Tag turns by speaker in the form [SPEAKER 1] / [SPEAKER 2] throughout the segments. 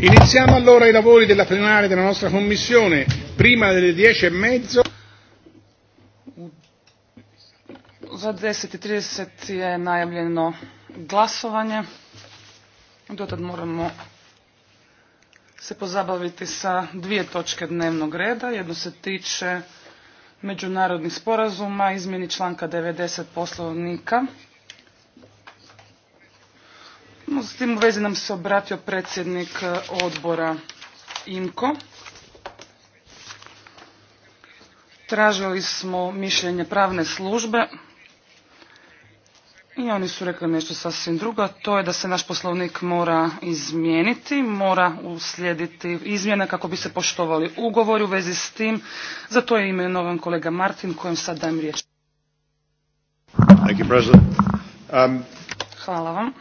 [SPEAKER 1] Iniziamo allora i lavori della plenaria
[SPEAKER 2] della nostra commissione prima delle dieci e mezzo.
[SPEAKER 1] Za 10.30 je najavljeno glasovanje. Dotad moramo se pozabaviti sa dvije točke dnevnog reda. Jedno se tiče međunarodnih sporazuma, izmjeni članka 90 poslovnika s tim u vezi nam se obratio predsjednik e, odbora IMKO. Tražili smo mišljenje pravne službe i oni su rekli nešto sasvim drugo, to je da se naš poslovnik mora izmijeniti, mora uslijediti izmjene kako bi se poštovali ugovor u vezi s tim. Za to je imenovan kolega Martin kojem sad dajem
[SPEAKER 3] riječ. Um,
[SPEAKER 1] Hvala vam.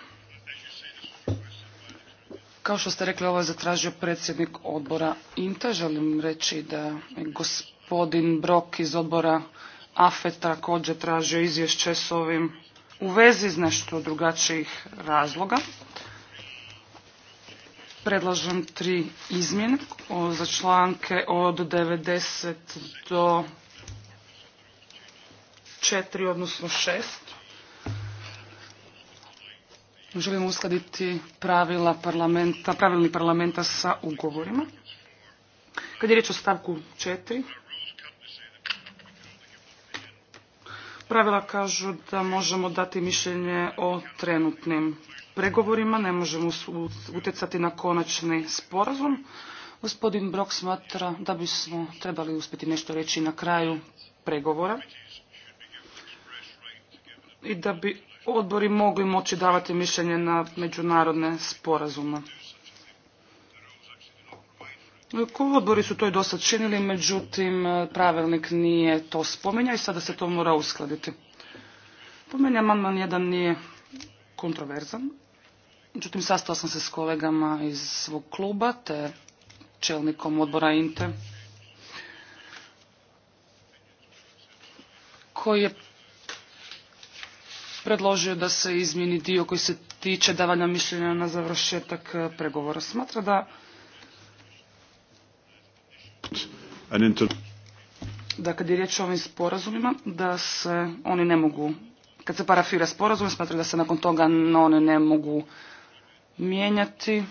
[SPEAKER 1] Kao što ste rekli, ovo je zatražio predsjednik odbora INTA. Želim reći da je gospodin Brok iz odbora AFET također tražio izvješće s ovim u vezi iz nešto drugačijih razloga. Predlažem tri izmjene za članke od 90 do 4, odnosno 6. Želimo uskladiti pravila parlamenta, pravilni parlamenta sa ugovorima. Kad je riječ o stavku četiri, pravila kažu da možemo dati mišljenje o trenutnim pregovorima, ne možemo utjecati na konačni sporazum. Gospodin Brok smatra da bismo trebali uspjeti nešto reći na kraju pregovora i da bi odbori mogli moći davati mišljenje na međunarodne sporazume. Odbori su to i dosta činili, međutim e, pravilnik nije to spomenja i sada se to mora uskladiti. Po meni amandman jedan nije kontroverzan, međutim sastao sam se s kolegama iz svog kluba te čelnikom odbora INTE koji je predložio da se izmijeni dio koji se tiče davanja mišljenja na završetak e, pregovora. Smatra da da kad je riječ o ovim sporazumima, da se oni ne mogu, kad se parafira sporazum, smatra da se nakon toga one ne mogu mijenjati.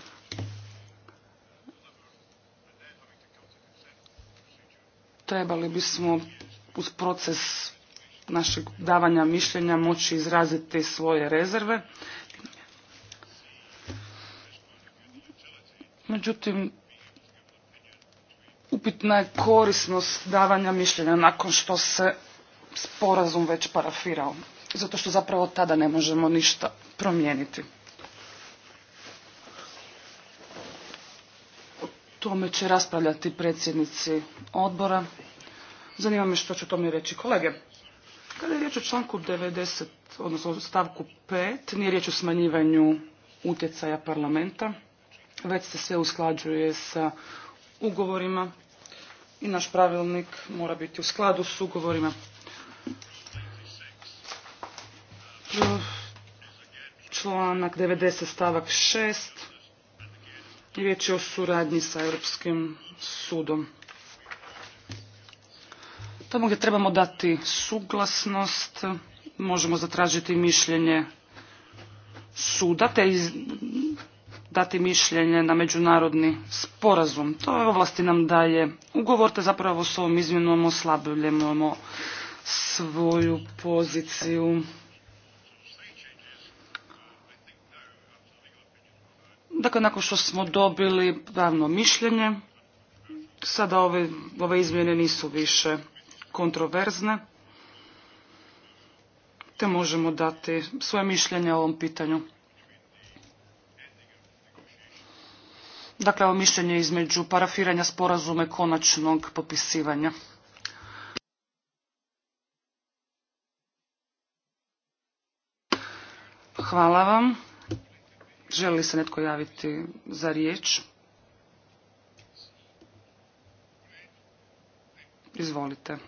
[SPEAKER 1] Trebali bismo uz proces našeg davanja mišljenja moći izraziti svoje rezerve. Međutim, upitna je korisnost davanja mišljenja nakon što se sporazum već parafirao. Zato što zapravo tada ne možemo ništa promijeniti. O tome će raspravljati predsjednici odbora. Zanima me što će to mi reći kolege. Kada je riječ o članku 90, odnosno stavku 5, nije riječ o smanjivanju utjecaja parlamenta, već se sve usklađuje sa ugovorima i naš pravilnik mora biti u skladu s ugovorima. Članak 90 stavak 6. Riječ je o suradnji sa Europskim sudom. Tamo gdje trebamo dati suglasnost, možemo zatražiti mišljenje suda, te dati mišljenje na međunarodni sporazum. To je ovlasti nam daje ugovor, te zapravo s ovom izmjenom oslabljujemo svoju poziciju. Dakle, nakon što smo dobili pravno mišljenje, sada ove, ove izmjene nisu više kontroverzne, te možemo dati svoje mišljenje o ovom pitanju. Dakle, ovo mišljenje između parafiranja sporazume konačnog popisivanja. Hvala vam. Želi li se netko javiti za riječ? Izvolite.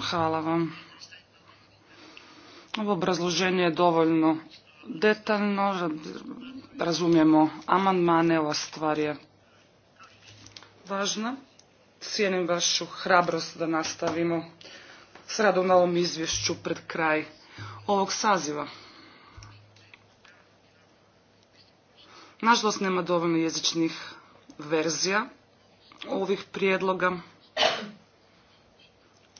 [SPEAKER 1] Hvala vam. Ovo obrazloženje je dovoljno detaljno, razumijemo amandmane, ova stvar je važna. Cijenim vašu hrabrost da nastavimo s radom na ovom izvješću pred kraj ovog saziva. Nažalost nema dovoljno jezičnih verzija ovih prijedloga.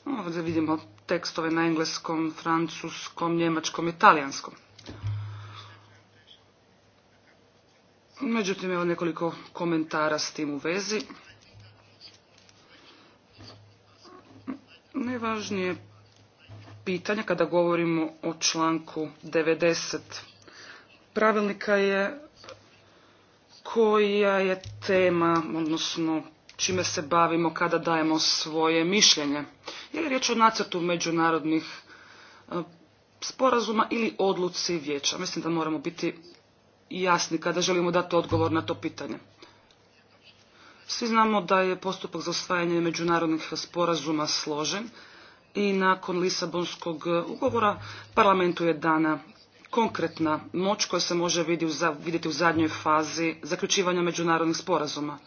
[SPEAKER 1] Ovdje vidimo tekstove na engleskom, francuskom, njemačkom i talijanskom. Međutim, evo nekoliko komentara s tim u vezi. Najvažnije pitanje kada govorimo o članku 90 pravilnika je koja je tema, odnosno čime se bavimo kada dajemo svoje mišljenje. Je li riječ o nacrtu međunarodnih e, sporazuma ili odluci vijeća. Mislim da moramo biti jasni kada želimo dati odgovor na to pitanje. Svi znamo da je postupak za osvajanje međunarodnih sporazuma složen i nakon Lisabonskog ugovora parlamentu je dana konkretna moć koja se može vidjeti u zadnjoj fazi zaključivanja međunarodnih sporazuma.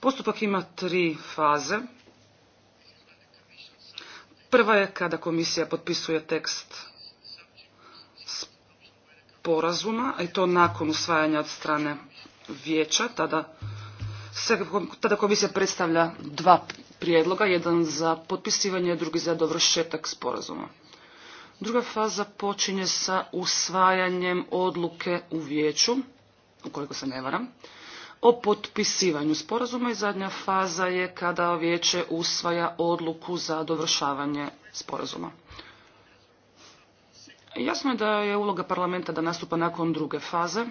[SPEAKER 1] Postupak ima tri faze. Prva je kada komisija potpisuje tekst sporazuma, a i to nakon usvajanja od strane vijeća, tada, se, tada komisija predstavlja dva prijedloga, jedan za potpisivanje, drugi za dovršetak sporazuma. Druga faza počinje sa usvajanjem odluke u vijeću, ukoliko se ne varam, o potpisivanju sporazuma i zadnja faza je kada vijeće usvaja odluku za dovršavanje sporazuma. Jasno je da je uloga parlamenta da nastupa nakon druge faze.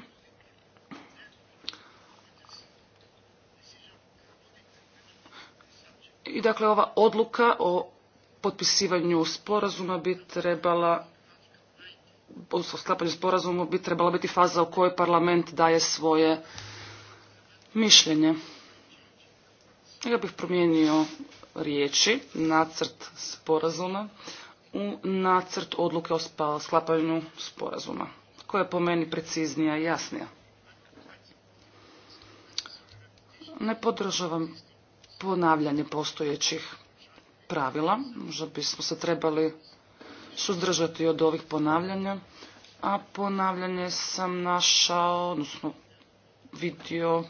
[SPEAKER 1] I dakle ova odluka o potpisivanju sporazuma bi trebala odnosno sklapanju sporazuma bi trebala biti faza u kojoj parlament daje svoje mišljenje. Ja bih promijenio riječi, nacrt sporazuma, u nacrt odluke o sklapanju sporazuma, koja je po meni preciznija i jasnija. Ne podržavam ponavljanje postojećih pravila, možda bismo se trebali suzdržati od ovih ponavljanja, a ponavljanje sam našao, odnosno vidio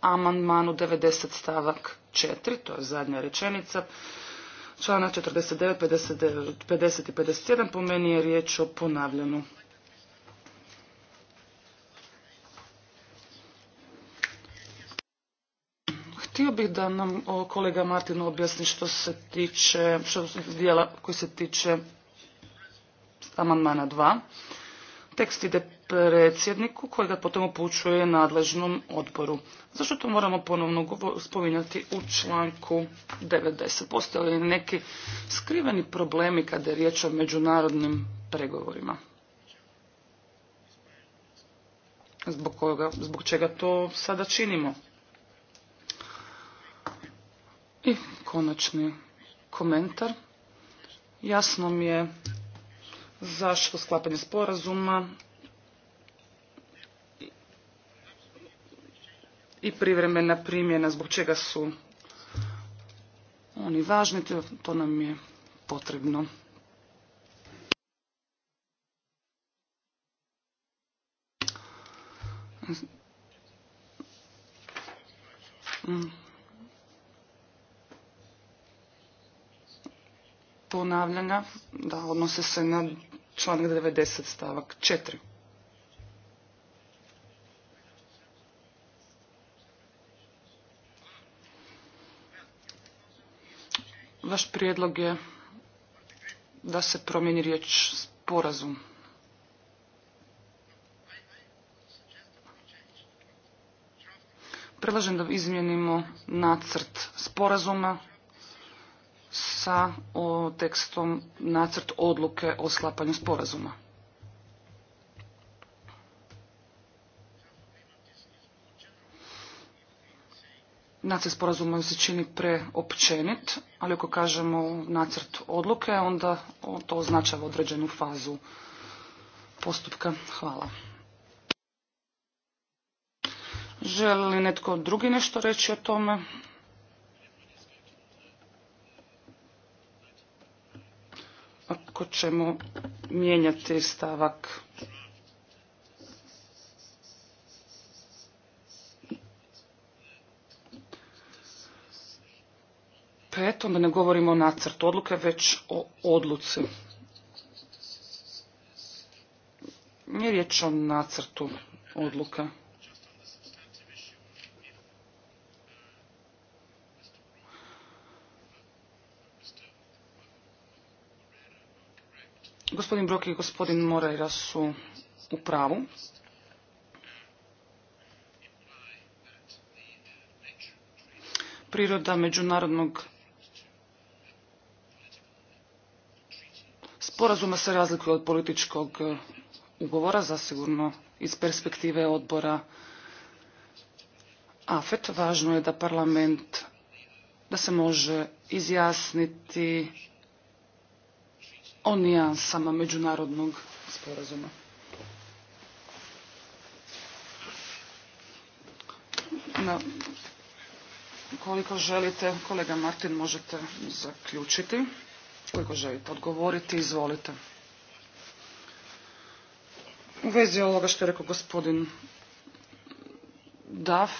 [SPEAKER 1] amandmanu 90 stavak 4, to je zadnja rečenica, Člana 49, 59, 50 i 51, po meni je riječ o ponavljanu. Htio bih da nam kolega Martin objasni što se tiče, što se dijela koji se tiče amandmana 2. Tekst ide predsjedniku koji potom upućuje nadležnom odboru. Zašto to moramo ponovno spominjati u članku 90? Postoje li neki skriveni problemi kada je riječ o međunarodnim pregovorima? Zbog, zbog čega to sada činimo? I konačni komentar. Jasno mi je zašto sklapanje sporazuma i privremena primjena zbog čega su oni važni, to nam je potrebno. Ponavljanja, da odnose se na članak 90 stavak 4. Vaš prijedlog je da se promijeni riječ sporazum. Predlažem da izmijenimo nacrt sporazuma sa o tekstom nacrt odluke o sklapanju sporazuma. Nacrt sporazuma se čini preopćenit, ali ako kažemo nacrt odluke, onda to označava određenu fazu postupka. Hvala. Želi li netko drugi nešto reći o tome? Ako ćemo mijenjati stavak pet, pa onda ne govorimo o nacrtu odluke, već o odluci. Nije riječ o nacrtu odluka. Gospodin Brok i gospodin Moreira su u pravu. Priroda međunarodnog sporazuma se razlikuje od političkog e, ugovora, zasigurno iz perspektive odbora AFET. Važno je da parlament da se može izjasniti o nijansama međunarodnog sporazuma. Na, koliko želite, kolega Martin, možete zaključiti. Koliko želite odgovoriti, izvolite. U vezi ovoga što je rekao gospodin Daf,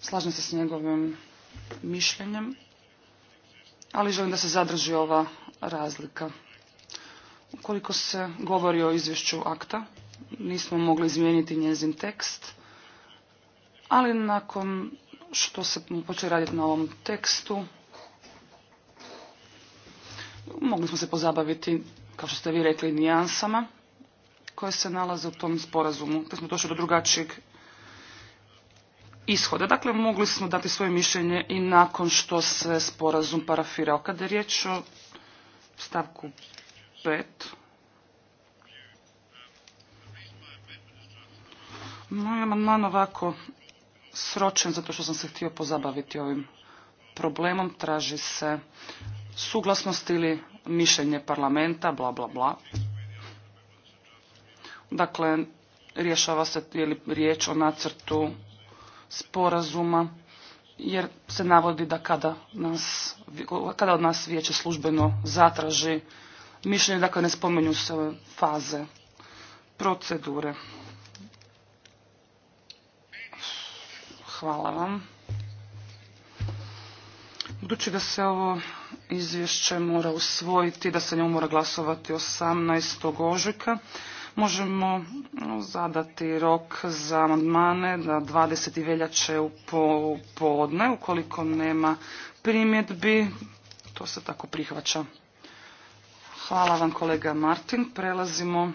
[SPEAKER 1] slažem se s njegovim mišljenjem, ali želim da se zadrži ova razlika. Ukoliko se govori o izvješću akta, nismo mogli izmijeniti njezin tekst, ali nakon što se počeli raditi na ovom tekstu, Mogli smo se pozabaviti, kao što ste vi rekli, nijansama koje se nalaze u tom sporazumu, te smo došli do drugačijeg ishoda. Dakle, mogli smo dati svoje mišljenje i nakon što se sporazum parafirao. Kada je riječ o stavku 5, moj amandman ovako sročen zato što sam se htio pozabaviti ovim problemom. Traži se suglasnost ili mišljenje parlamenta, bla, bla, bla. Dakle, rješava se ili riječ o nacrtu sporazuma, jer se navodi da kada, nas, kada od nas vijeće službeno zatraži mišljenje, dakle ne spomenju se faze procedure. Hvala vam. Budući da se ovo izvješće mora usvojiti, da se njemu mora glasovati 18. ožujka. Možemo zadati rok za amandmane na 20. veljače u podne, ukoliko nema primjedbi, to se tako prihvaća. Hvala vam kolega Martin. Prelazimo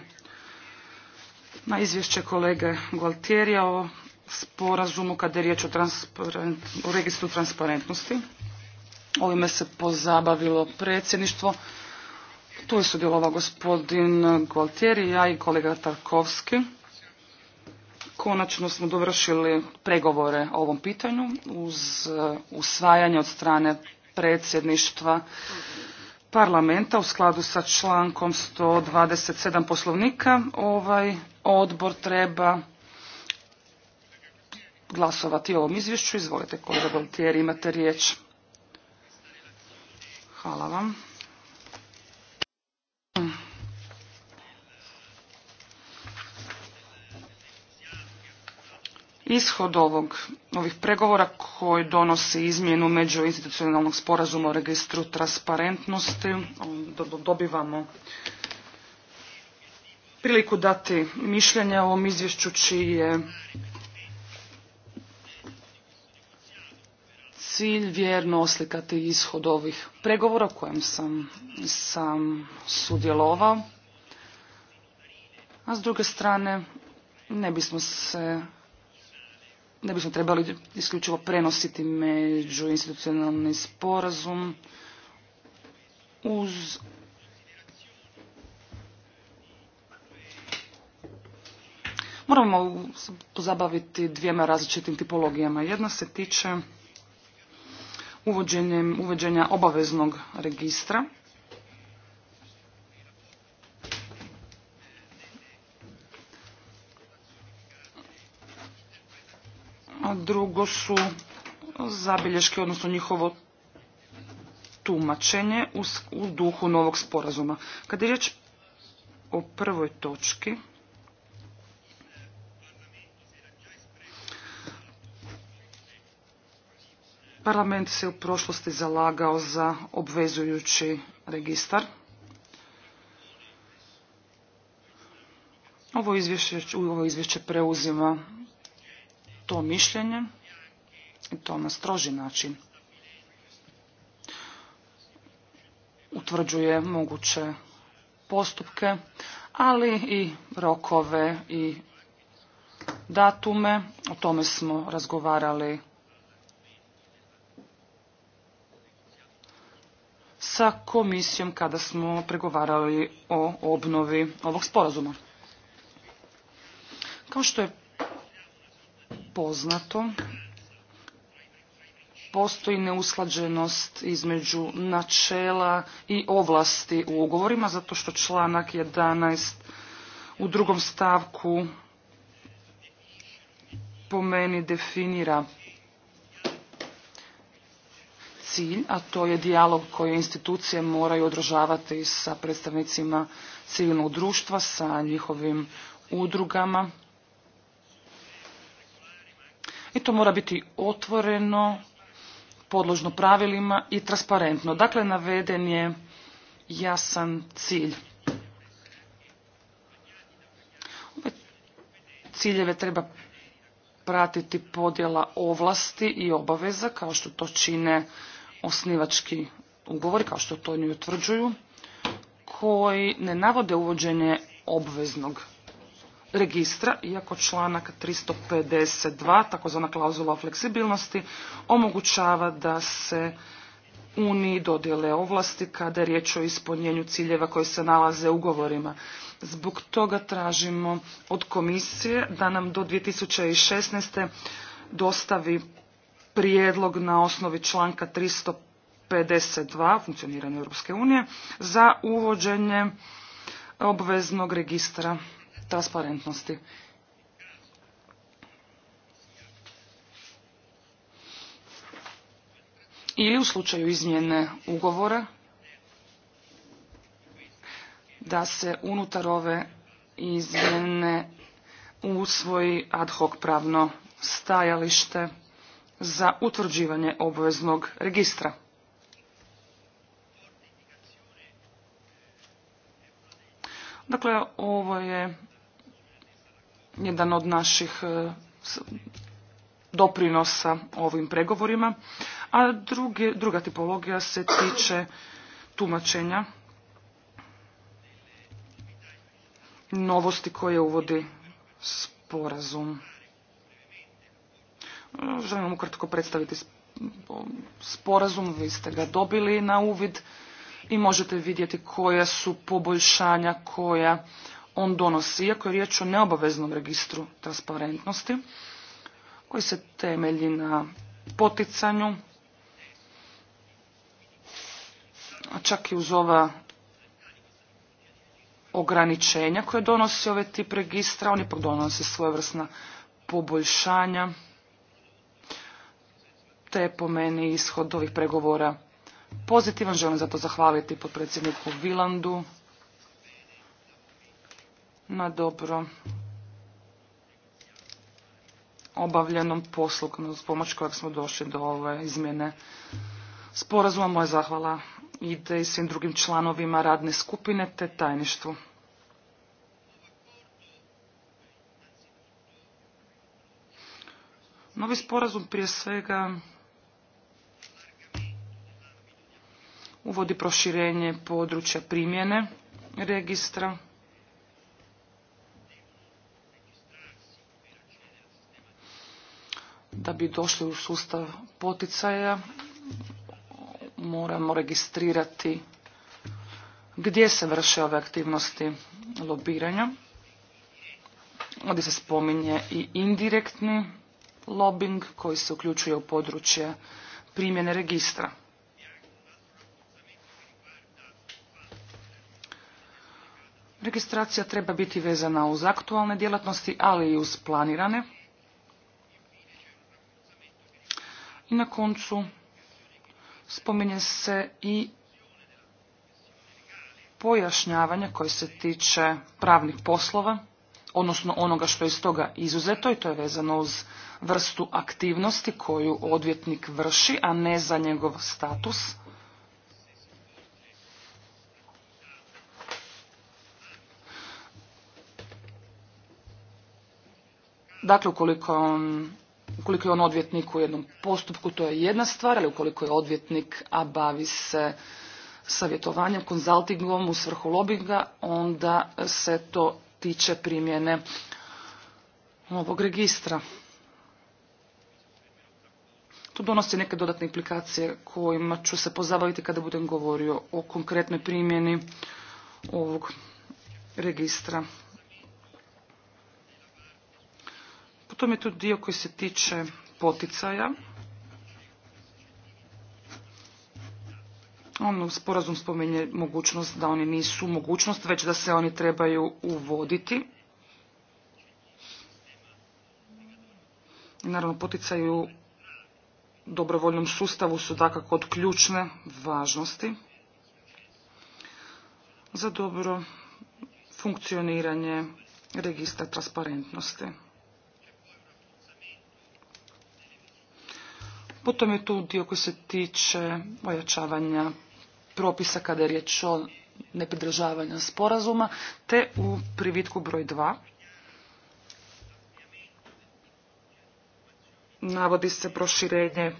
[SPEAKER 1] na izvješće kolege Gualtierija o sporazumu kada je riječ o registru transparentnosti. Ovime se pozabavilo predsjedništvo. Tu je sudjelovao gospodin Gualtieri, ja i kolega Tarkovski. Konačno smo dovršili pregovore o ovom pitanju uz uh, usvajanje od strane predsjedništva parlamenta u skladu sa člankom 127 poslovnika. Ovaj odbor treba glasovati o ovom izvješću. Izvolite kolega Gualtieri, imate riječ. Hvala vam. Ishod ovog, ovih pregovora koji donosi izmjenu institucionalnog sporazuma o registru transparentnosti, um, dobivamo priliku dati mišljenje o ovom izvješću čiji je cilj vjerno oslikati ishod ovih pregovora kojem sam, sam sudjelovao. A s druge strane, ne bismo se ne bismo trebali isključivo prenositi među institucionalni sporazum uz Moramo pozabaviti dvijema različitim tipologijama. Jedna se tiče uvođenja obaveznog registra. A drugo su zabilješke, odnosno njihovo tumačenje u, u duhu novog sporazuma. Kad je riječ o prvoj točki, Parlament se u prošlosti zalagao za obvezujući registar. Ovo izvješće, ovo izvješće preuzima to mišljenje i to na stroži način. Utvrđuje moguće postupke, ali i rokove i datume. O tome smo razgovarali sa komisijom kada smo pregovarali o obnovi ovog sporazuma. Kao što je poznato, postoji neusklađenost između načela i ovlasti u ugovorima, zato što članak 11 u drugom stavku po meni definira cilj, a to je dijalog koji institucije moraju održavati sa predstavnicima civilnog društva, sa njihovim udrugama. I to mora biti otvoreno, podložno pravilima i transparentno. Dakle, naveden je jasan cilj. Ove ciljeve treba pratiti podjela ovlasti i obaveza kao što to čine osnivački ugovori, kao što to oni utvrđuju, koji ne navode uvođenje obveznog registra, iako članak 352, takozvana klauzula o fleksibilnosti, omogućava da se Uniji dodjele ovlasti kada je riječ o ispunjenju ciljeva koji se nalaze u ugovorima. Zbog toga tražimo od komisije da nam do 2016. dostavi prijedlog na osnovi članka 352 funkcioniranja Europske unije za uvođenje obveznog registra transparentnosti. Ili u slučaju izmjene ugovora da se unutar ove izmjene usvoji ad hoc pravno stajalište za utvrđivanje obveznog registra. Dakle, ovo je jedan od naših e, doprinosa ovim pregovorima, a druga tipologija se tiče tumačenja novosti koje uvodi sporazum. Želim ukratko predstaviti sporazum, vi ste ga dobili na uvid i možete vidjeti koja su poboljšanja koja on donosi, iako je riječ o neobaveznom registru transparentnosti koji se temelji na poticanju, a čak i uz ova ograničenja koje donosi ovaj tip registra, on ipak donosi svojevrsna poboljšanja te je po meni ishod ovih pregovora pozitivan. Želim zato zahvaliti potpredsjedniku Vilandu na dobro obavljenom poslu s pomoć kojeg smo došli do ove izmjene sporazuma. Moja zahvala ide i svim drugim članovima radne skupine te tajništvu. Novi sporazum prije svega uvodi proširenje područja primjene registra. Da bi došli u sustav poticaja moramo registrirati gdje se vrše ove aktivnosti lobiranja. Ovdje se spominje i indirektni lobing koji se uključuje u područje primjene registra. Registracija treba biti vezana uz aktualne djelatnosti, ali i uz planirane. I na koncu spominje se i pojašnjavanje koje se tiče pravnih poslova, odnosno onoga što je iz toga izuzeto i to je vezano uz vrstu aktivnosti koju odvjetnik vrši, a ne za njegov status. Dakle, ukoliko Ukoliko je on odvjetnik u jednom postupku, to je jedna stvar, ali ukoliko je odvjetnik, a bavi se savjetovanjem, konzultingom u svrhu lobinga, onda se to tiče primjene ovog registra. Tu donosi neke dodatne implikacije kojima ću se pozabaviti kada budem govorio o konkretnoj primjeni ovog registra. Potom je tu dio koji se tiče poticaja. On sporazum spominje mogućnost da oni nisu mogućnost, već da se oni trebaju uvoditi. Naravno, poticaju dobrovoljnom sustavu su takako od ključne važnosti za dobro funkcioniranje registra transparentnosti. Potom je tu dio koji se tiče ojačavanja propisa kada je riječ o nepridržavanju sporazuma, te u privitku broj 2 navodi se proširenje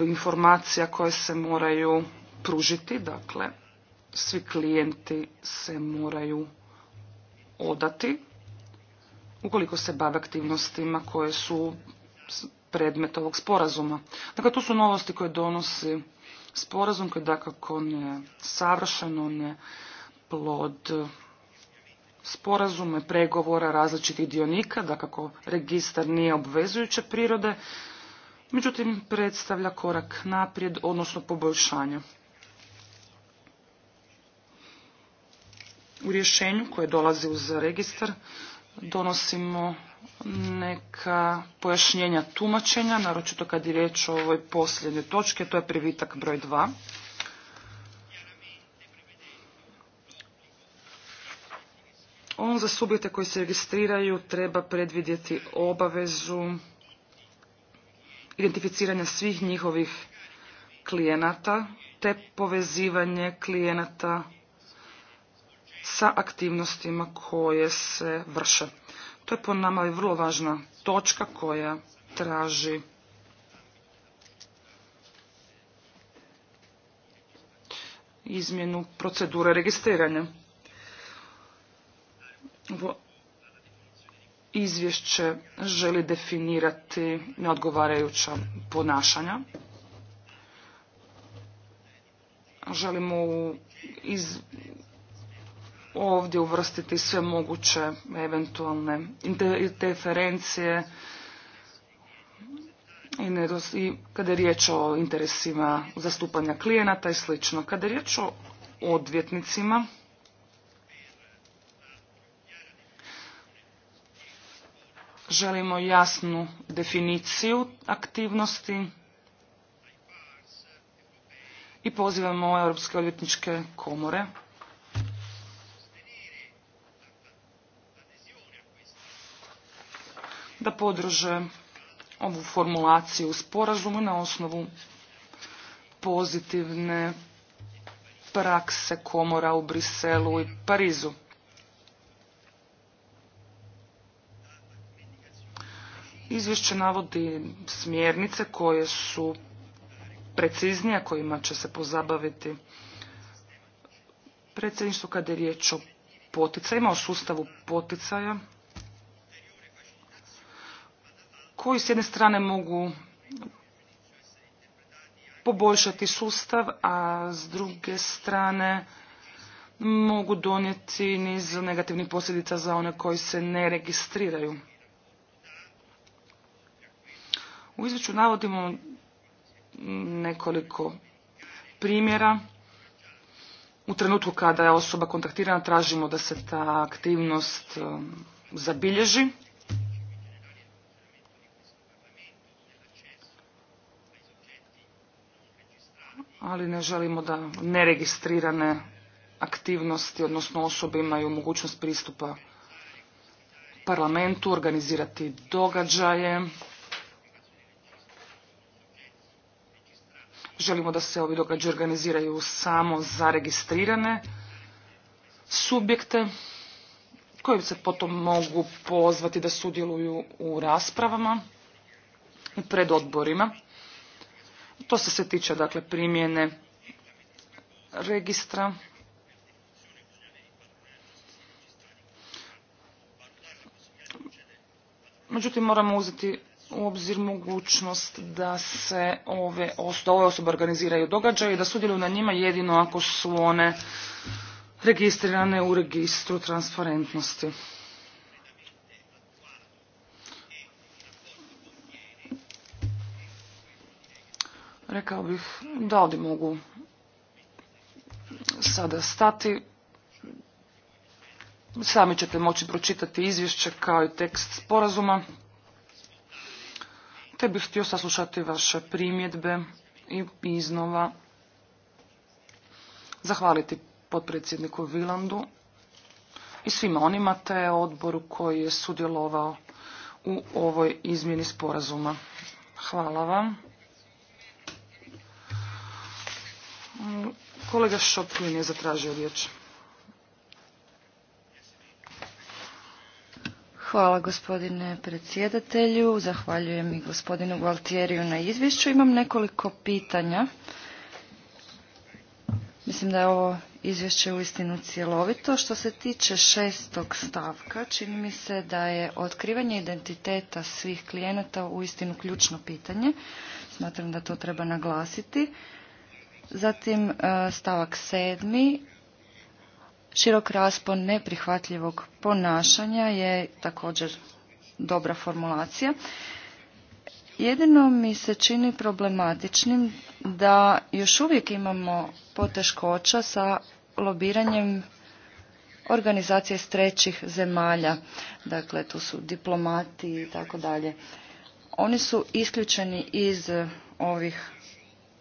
[SPEAKER 1] informacija koje se moraju pružiti, dakle svi klijenti se moraju odati ukoliko se bave aktivnostima koje su predmet ovog sporazuma. Dakle, tu su novosti koje donosi sporazum koji dakako ne savršeno ne plod sporazume, pregovora različitih dionika, dakako registar nije obvezujuće prirode, međutim predstavlja korak naprijed, odnosno poboljšanje. U rješenju koje dolazi uz registar donosimo neka pojašnjenja tumačenja, naročito kad je riječ o ovoj posljednjoj točki, to je privitak broj 2. On za subjekte koji se registriraju treba predvidjeti obavezu identificiranja svih njihovih klijenata te povezivanje klijenata sa aktivnostima koje se vrše. To je po nama vrlo važna točka koja traži izmjenu procedure registriranja. Ovo izvješće želi definirati neodgovarajuća ponašanja. Želimo iz, ovdje uvrstiti sve moguće eventualne interferencije i, kada je riječ o interesima zastupanja klijenata i slično. Kada je riječ o odvjetnicima, želimo jasnu definiciju aktivnosti i pozivamo europske odvjetničke komore da podrže ovu formulaciju sporazumu na osnovu pozitivne prakse komora u Briselu i Parizu. Izvješće navodi smjernice koje su preciznije, kojima će se pozabaviti predsjedništvo kada je riječ o poticajima, o sustavu poticaja koji s jedne strane mogu poboljšati sustav, a s druge strane mogu donijeti niz negativnih posljedica za one koji se ne registriraju. U izveću navodimo nekoliko primjera. U trenutku kada je osoba kontaktirana tražimo da se ta aktivnost um, zabilježi. ali ne želimo da neregistrirane aktivnosti, odnosno osobe imaju mogućnost pristupa parlamentu, organizirati događaje. Želimo da se ovi događaji organiziraju samo za registrirane subjekte koji se potom mogu pozvati da sudjeluju u raspravama i pred odborima. To se se tiče dakle primjene registra. Međutim, moramo uzeti u obzir mogućnost da se ove, ove osobe organiziraju događaje i da sudjeluju na njima jedino ako su one registrirane u registru transparentnosti. Rekao bih da ovdje mogu sada stati. Sami ćete moći pročitati izvješće kao i tekst sporazuma. Te bih htio saslušati vaše primjedbe i iznova zahvaliti potpredsjedniku Vilandu i svima onima te odboru koji je sudjelovao u ovoj izmjeni sporazuma. Hvala vam. Kolega Šopkin je zatražio riječ.
[SPEAKER 3] Hvala gospodine predsjedatelju, zahvaljujem i gospodinu Gualtieriju na izvješću. Imam nekoliko pitanja. Mislim da je ovo izvješće istinu cjelovito. Što se tiče šestog stavka, čini mi se da je otkrivanje identiteta svih klijenata u istinu ključno pitanje. Smatram da to treba naglasiti. Zatim e, stavak sedmi, širok raspon neprihvatljivog ponašanja je također dobra formulacija. Jedino mi se čini problematičnim da još uvijek imamo poteškoća sa lobiranjem organizacije iz trećih zemalja, dakle tu su diplomati i tako dalje. Oni su isključeni iz ovih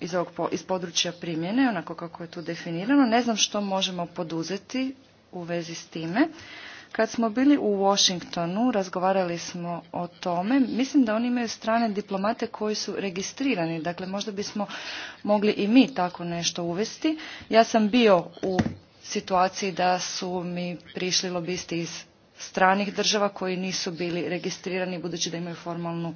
[SPEAKER 3] iz, ovog, iz područja primjene, onako kako je tu definirano. Ne znam što možemo poduzeti u vezi s time. Kad smo bili u Washingtonu, razgovarali smo o tome. Mislim da oni imaju strane diplomate koji su registrirani. Dakle, možda bismo mogli i mi tako nešto uvesti. Ja sam bio u situaciji da su mi prišli lobisti iz stranih država koji nisu bili registrirani budući da imaju formalnu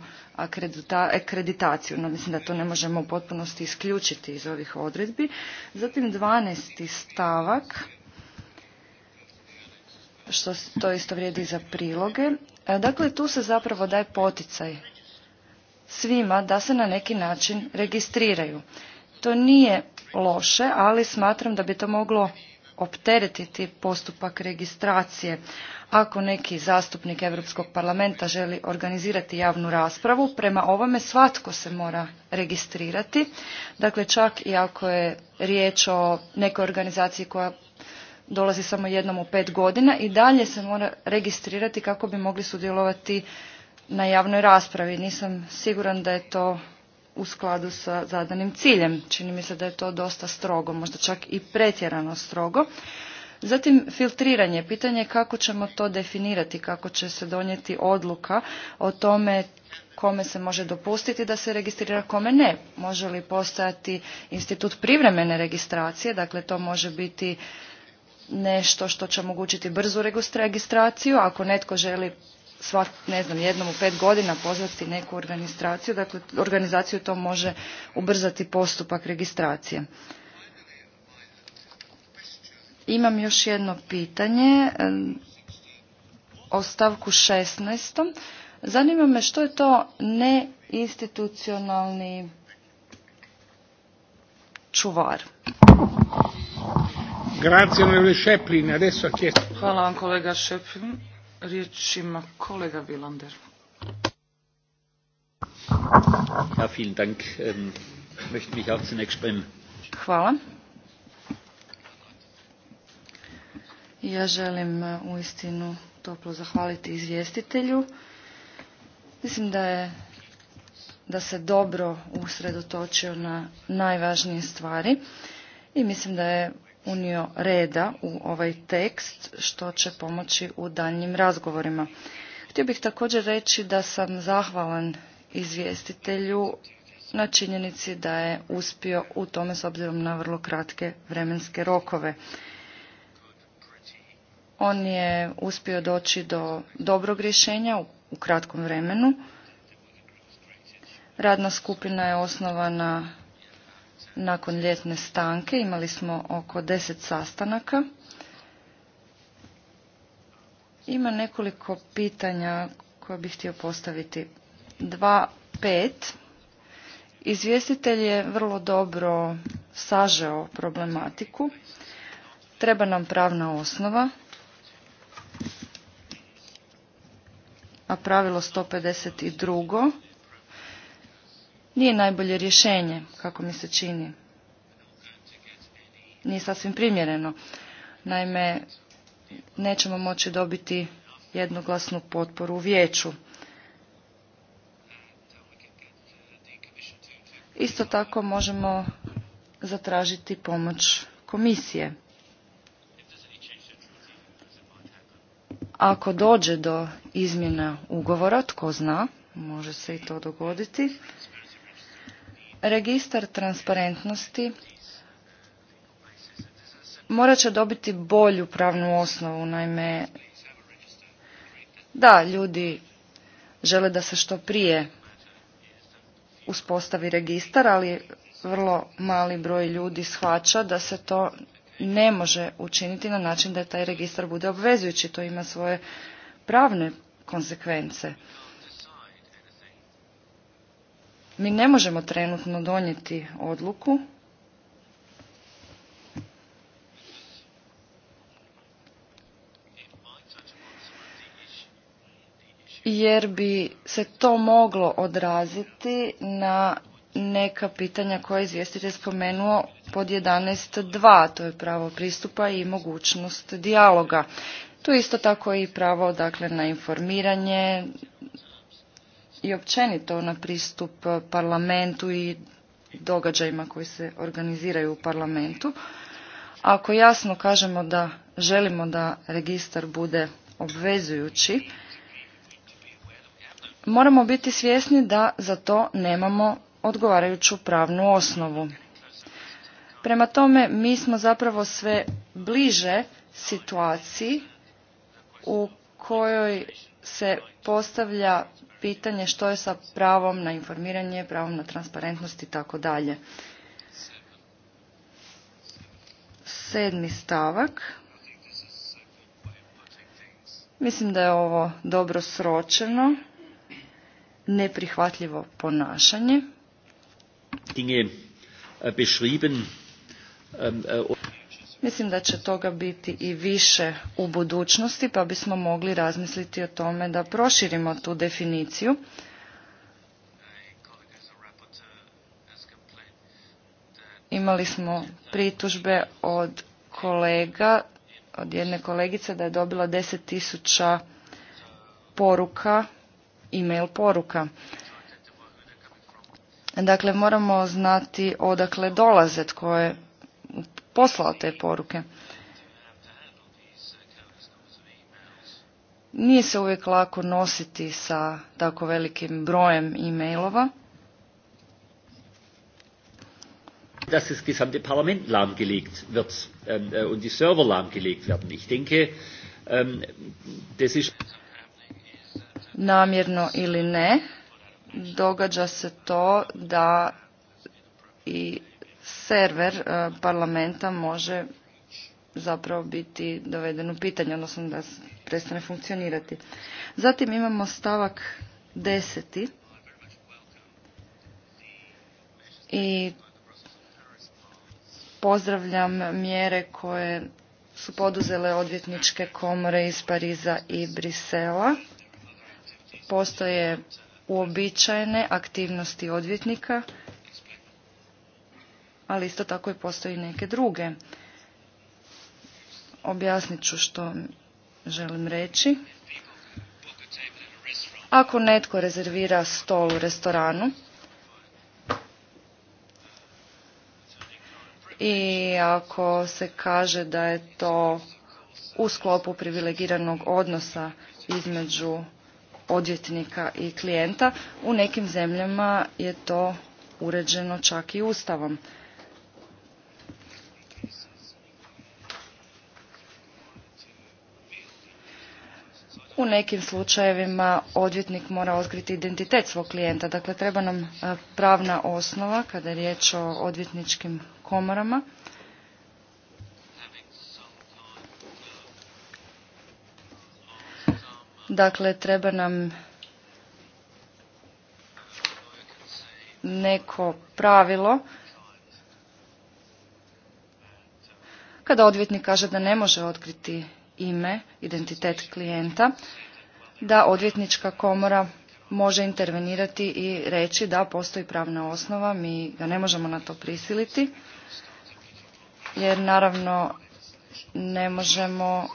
[SPEAKER 3] akreditaciju. No, mislim da to ne možemo u potpunosti isključiti iz ovih odredbi. Zatim 12. stavak što to isto vrijedi za priloge. E, dakle, tu se zapravo daje poticaj svima da se na neki način registriraju. To nije loše, ali smatram da bi to moglo opteretiti postupak registracije. Ako neki zastupnik Europskog parlamenta želi organizirati javnu raspravu, prema ovome svatko se mora registrirati. Dakle, čak i ako je riječ o nekoj organizaciji koja dolazi samo jednom u pet godina i dalje se mora registrirati kako bi mogli sudjelovati na javnoj raspravi. Nisam siguran da je to u skladu sa zadanim ciljem. Čini mi se da je to dosta strogo, možda čak i pretjerano strogo. Zatim filtriranje, pitanje kako ćemo to definirati, kako će se donijeti odluka o tome kome se može dopustiti da se registrira, kome ne. Može li postojati institut privremene registracije, dakle to može biti nešto što će omogućiti brzu registraciju. Ako netko želi svak, ne znam, jednom u pet godina pozvati neku organizaciju, dakle organizaciju to može ubrzati postupak registracije. Imam još jedno pitanje o stavku 16. Zanima me što je to neinstitucionalni čuvar.
[SPEAKER 1] Hvala vam kolega Šeplin kolega Ja, ähm,
[SPEAKER 3] Hvala. Ja želim e, uistinu toplo zahvaliti izvjestitelju. Mislim da je da se dobro usredotočio na najvažnije stvari i mislim da je unio reda u ovaj tekst što će pomoći u daljnjim razgovorima. Htio bih također reći da sam zahvalan izvjestitelju na činjenici da je uspio u tome s obzirom na vrlo kratke vremenske rokove. On je uspio doći do dobrog rješenja u kratkom vremenu. Radna skupina je osnovana nakon ljetne stanke. Imali smo oko deset sastanaka. Ima nekoliko pitanja koje bih htio postaviti. Dva, pet. Izvjestitelj je vrlo dobro sažeo problematiku. Treba nam pravna osnova, a pravilo 152 nije najbolje rješenje, kako mi se čini. Nije sasvim primjereno. Naime, nećemo moći dobiti jednoglasnu potporu u vijeću. Isto tako možemo zatražiti pomoć komisije. Ako dođe do izmjena ugovora, tko zna, može se i to dogoditi, Registar transparentnosti morat će dobiti bolju pravnu osnovu, naime, da, ljudi žele da se što prije uspostavi registar, ali vrlo mali broj ljudi shvaća da se to ne može učiniti na način da taj registar bude obvezujući. To ima svoje pravne konsekvence. Mi ne možemo trenutno donijeti odluku jer bi se to moglo odraziti na neka pitanja koja je izvjestitelj spomenuo pod 11.2, to je pravo pristupa i mogućnost dijaloga. Tu isto tako i pravo dakle, na informiranje, i općenito na pristup e, parlamentu i događajima koji se organiziraju u parlamentu. Ako jasno kažemo da želimo da registar bude obvezujući, moramo biti svjesni da za to nemamo odgovarajuću pravnu osnovu. Prema tome, mi smo zapravo sve bliže situaciji u kojoj se postavlja pitanje što je sa pravom na informiranje, pravom na transparentnost i tako dalje. Sedmi stavak. Mislim da je ovo dobro sročeno. Neprihvatljivo ponašanje.
[SPEAKER 2] Dinge äh, beschrieben ähm, äh,
[SPEAKER 3] Mislim da će toga biti i više u budućnosti, pa bismo mogli razmisliti o tome da proširimo tu definiciju. Imali smo pritužbe od kolega, od jedne kolegice da je dobila 10.000 poruka, e-mail poruka. Dakle, moramo znati odakle dolaze, tko je poslao te poruke. Nije se uvijek lako nositi sa tako velikim brojem e-mailova. dass das gesamte Parlament lahmgelegt
[SPEAKER 2] wird ähm, äh, und die Server lahmgelegt werden. Ich denke, ähm, das ist.
[SPEAKER 3] Namjerno ili ne, događa se to da server e, parlamenta može zapravo biti doveden u pitanje, odnosno da prestane funkcionirati. Zatim imamo stavak deseti i pozdravljam mjere koje su poduzele odvjetničke komore iz Pariza i Brisela. Postoje uobičajene aktivnosti odvjetnika ali isto tako i postoji neke druge. Objasnit ću što želim reći. Ako netko rezervira stol u restoranu i ako se kaže da je to u sklopu privilegiranog odnosa između odvjetnika i klijenta, u nekim zemljama je to uređeno čak i ustavom. U nekim slučajevima odvjetnik mora otkriti identitet svog klijenta. Dakle, treba nam e, pravna osnova kada je riječ o odvjetničkim komorama. Dakle, treba nam neko pravilo kada odvjetnik kaže da ne može otkriti ime, identitet klijenta, da odvjetnička komora može intervenirati i reći da postoji pravna osnova, mi ga ne možemo na to prisiliti, jer naravno ne možemo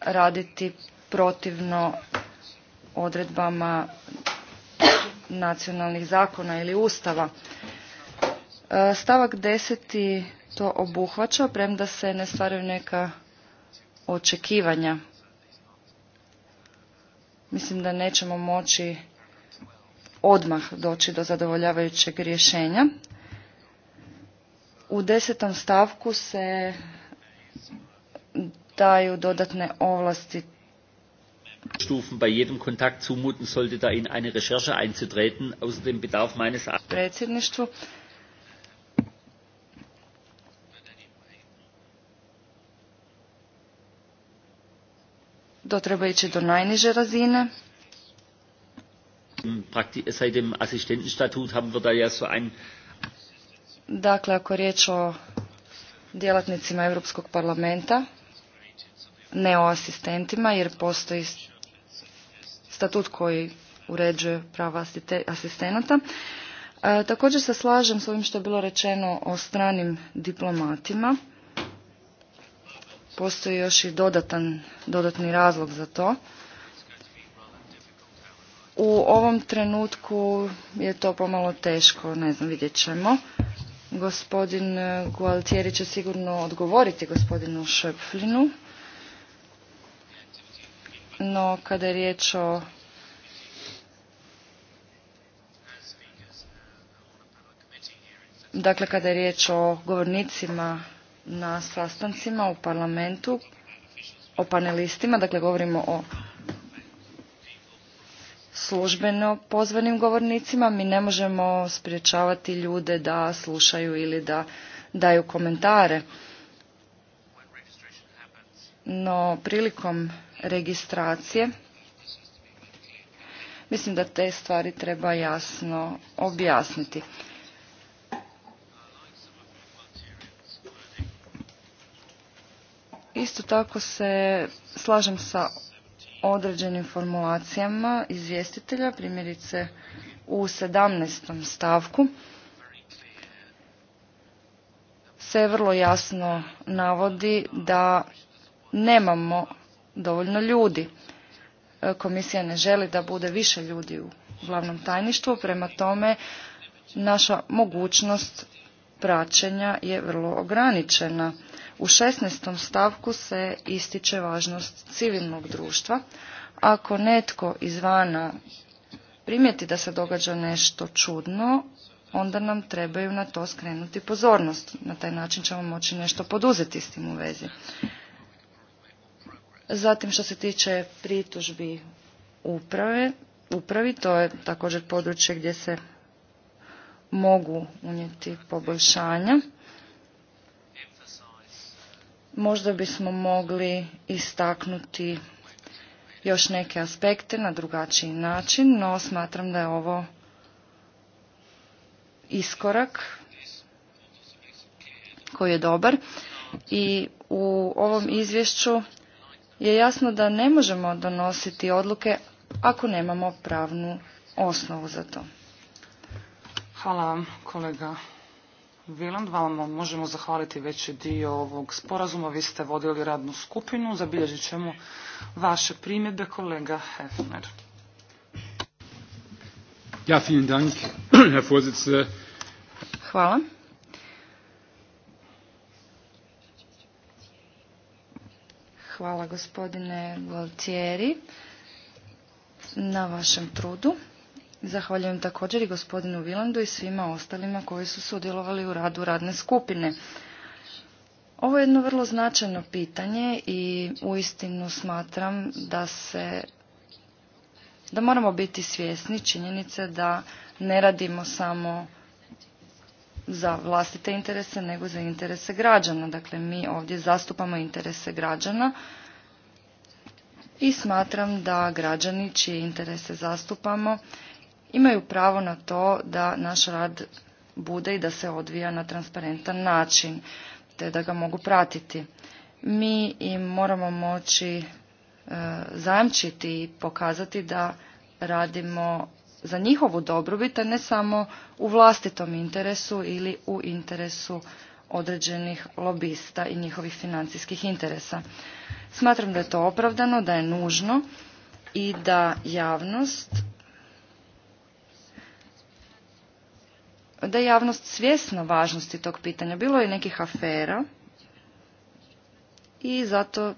[SPEAKER 3] raditi protivno odredbama nacionalnih zakona ili ustava. E, stavak 10. to obuhvaća, premda se ne stvaraju neka očekivanja. Mislim da nećemo moći odmah doći do zadovoljavajućeg rješenja. U desetom stavku se daju dodatne ovlasti Stufen bei jedem Kontakt zumuten sollte da in eine Recherche einzutreten. dem bedarf meines Predsjedništvu. to treba ići do najniže razine.
[SPEAKER 2] Hm, ja
[SPEAKER 3] Dakle, ako je riječ o djelatnicima Europskog parlamenta, ne o asistentima, jer postoji statut koji uređuje prava asistenata. E, također se slažem s ovim što je bilo rečeno o stranim diplomatima postoji još i dodatan, dodatni razlog za to. U ovom trenutku je to pomalo teško, ne znam, vidjet ćemo. Gospodin Gualtieri će sigurno odgovoriti gospodinu Šöpflinu. No, kada je riječ o Dakle, kada je riječ o govornicima na sastancima u parlamentu o panelistima, dakle govorimo o službeno pozvanim govornicima. Mi ne možemo spriječavati ljude da slušaju ili da daju komentare. No prilikom registracije mislim da te stvari treba jasno objasniti. Isto tako se slažem sa određenim formulacijama izvjestitelja, primjerice u 17. stavku se vrlo jasno navodi da nemamo dovoljno ljudi. E, komisija ne želi da bude više ljudi u glavnom tajništvu, prema tome naša mogućnost praćenja je vrlo ograničena u 16. stavku se ističe važnost civilnog društva. Ako netko izvana primijeti da se događa nešto čudno, onda nam trebaju na to skrenuti pozornost. Na taj način ćemo moći nešto poduzeti s tim u vezi. Zatim što se tiče pritužbi uprave, upravi, to je također područje gdje se mogu unijeti poboljšanja možda bismo mogli istaknuti još neke aspekte na drugačiji način, no smatram da je ovo iskorak koji je dobar i u ovom izvješću je jasno da ne možemo donositi odluke ako nemamo pravnu osnovu za to.
[SPEAKER 1] Hvala vam kolega Viland, vama možemo zahvaliti veći dio ovog sporazuma. Vi ste vodili radnu skupinu. Zabilježit ćemo vaše primjedbe, kolega Hefner.
[SPEAKER 2] Ja, vielen Dank,
[SPEAKER 3] Herr Vorsitzende. Hvala. Hvala gospodine Gualtieri na vašem trudu. Zahvaljujem također i gospodinu Vilandu i svima ostalima koji su sudjelovali u radu radne skupine. Ovo je jedno vrlo značajno pitanje i uistinu smatram da se da moramo biti svjesni činjenice da ne radimo samo za vlastite interese nego za interese građana. Dakle, mi ovdje zastupamo interese građana i smatram da građani čije interese zastupamo imaju pravo na to da naš rad bude i da se odvija na transparentan način, te da ga mogu pratiti. Mi im moramo moći e, zajamčiti i pokazati da radimo za njihovu dobrobit, a ne samo u vlastitom interesu ili u interesu određenih lobista i njihovih financijskih interesa. Smatram da je to opravdano, da je nužno i da javnost da je javnost svjesna važnosti tog pitanja. Bilo je nekih afera i zato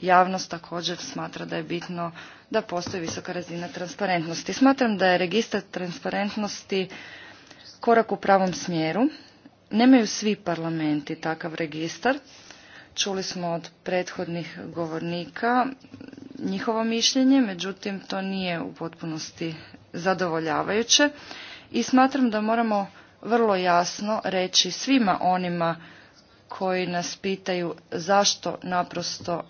[SPEAKER 3] javnost također smatra da je bitno da postoji visoka razina transparentnosti. Smatram da je registar transparentnosti korak u pravom smjeru. Nemaju svi parlamenti takav registar. Čuli smo od prethodnih govornika njihovo mišljenje, međutim to nije u potpunosti zadovoljavajuće i smatram da moramo vrlo jasno reći svima onima koji nas pitaju zašto naprosto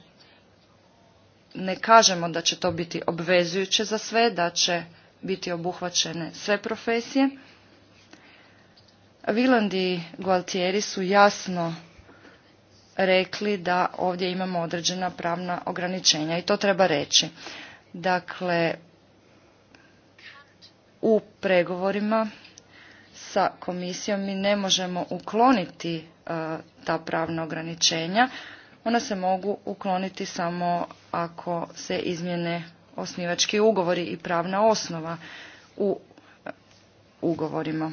[SPEAKER 3] ne kažemo da će to biti obvezujuće za sve, da će biti obuhvaćene sve profesije. Vilandi i Gualtieri su jasno rekli da ovdje imamo određena pravna ograničenja i to treba reći. Dakle, u pregovorima sa komisijom mi ne možemo ukloniti e, ta pravna ograničenja. Ona se mogu ukloniti samo ako se izmjene osnivački ugovori i pravna osnova u e, ugovorima.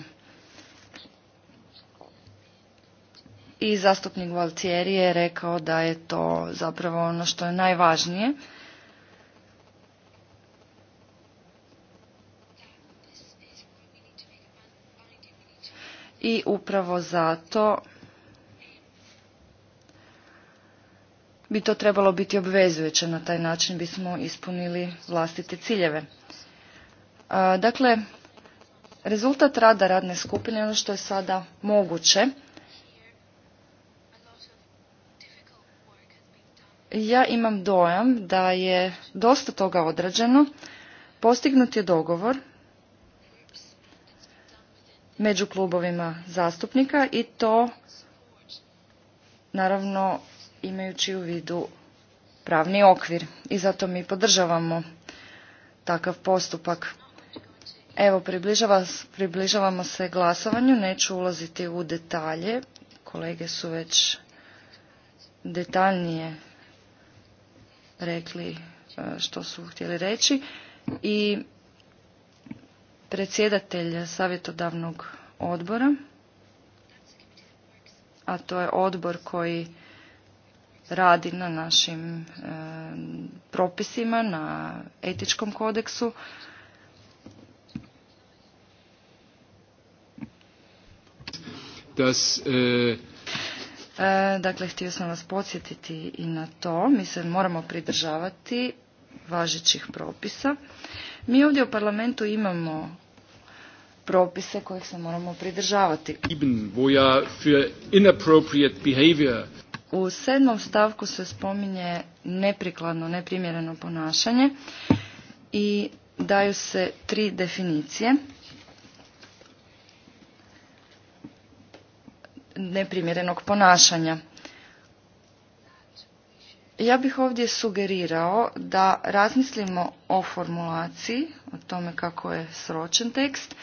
[SPEAKER 3] I zastupnik Valtieri je rekao da je to zapravo ono što je najvažnije i upravo zato bi to trebalo biti obvezujuće. Na taj način bismo ispunili vlastite ciljeve. Dakle, rezultat rada radne skupine, ono što je sada moguće, ja imam dojam da je dosta toga odrađeno, postignut je dogovor među klubovima zastupnika i to naravno imajući u vidu pravni okvir i zato mi podržavamo takav postupak. Evo, približava, približavamo se glasovanju, neću ulaziti u detalje, kolege su već detaljnije rekli e, što su htjeli reći i predsjedatelj savjetodavnog odbora, a to je odbor koji radi na našim e, propisima, na etičkom kodeksu.
[SPEAKER 2] Das, e...
[SPEAKER 3] E, dakle, htio sam vas podsjetiti i na to. Mi se moramo pridržavati važećih propisa. Mi ovdje u parlamentu imamo propise kojih se moramo pridržavati. U sedmom stavku se spominje neprikladno, neprimjereno ponašanje i daju se tri definicije. neprimjerenog ponašanja. Ja bih ovdje sugerirao da razmislimo o formulaciji, o tome kako je sročen tekst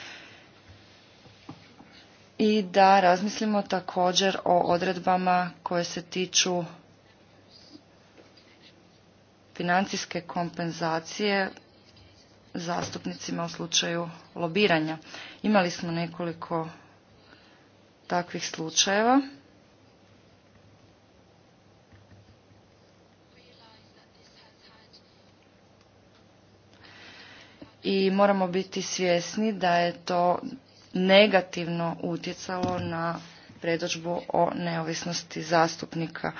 [SPEAKER 3] i da razmislimo također o odredbama koje se tiču financijske kompenzacije zastupnicima u slučaju lobiranja. Imali smo nekoliko takvih slučajeva. i moramo biti svjesni da je to negativno utjecalo na predođbu o neovisnosti zastupnika.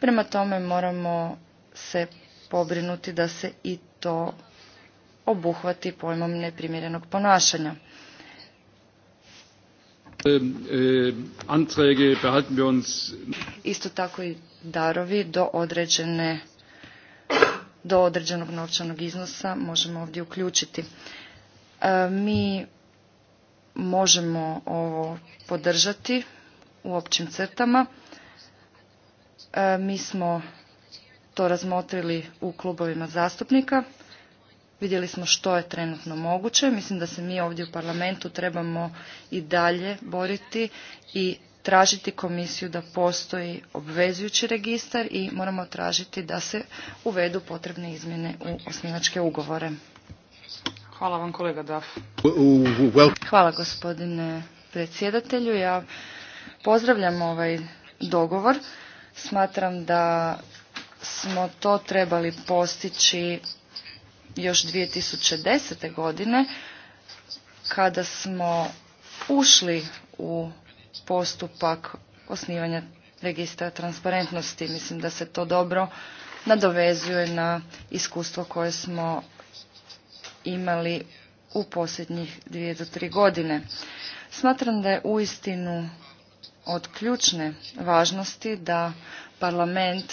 [SPEAKER 3] Prema tome moramo se pobrinuti da se i to obuhvati pojmom neprimjerenog ponašanja.
[SPEAKER 2] E, e,
[SPEAKER 3] Isto tako i darovi do određene do određenog novčanog iznosa možemo ovdje uključiti. E, mi možemo ovo podržati u općim crtama. E, mi smo to razmotrili u klubovima zastupnika. Vidjeli smo što je trenutno moguće. Mislim da se mi ovdje u parlamentu trebamo i dalje boriti i tražiti komisiju da postoji obvezujući registar i moramo tražiti da se uvedu potrebne izmjene u osnivačke ugovore. Hvala vam kolega Daf. Uh, Hvala gospodine predsjedatelju. Ja pozdravljam ovaj dogovor. Smatram da smo to trebali postići još 2010. godine kada smo ušli u postupak osnivanja registra transparentnosti. Mislim da se to dobro nadovezuje na iskustvo koje smo imali u posljednjih dvije do tri godine. Smatram da je uistinu od ključne važnosti da parlament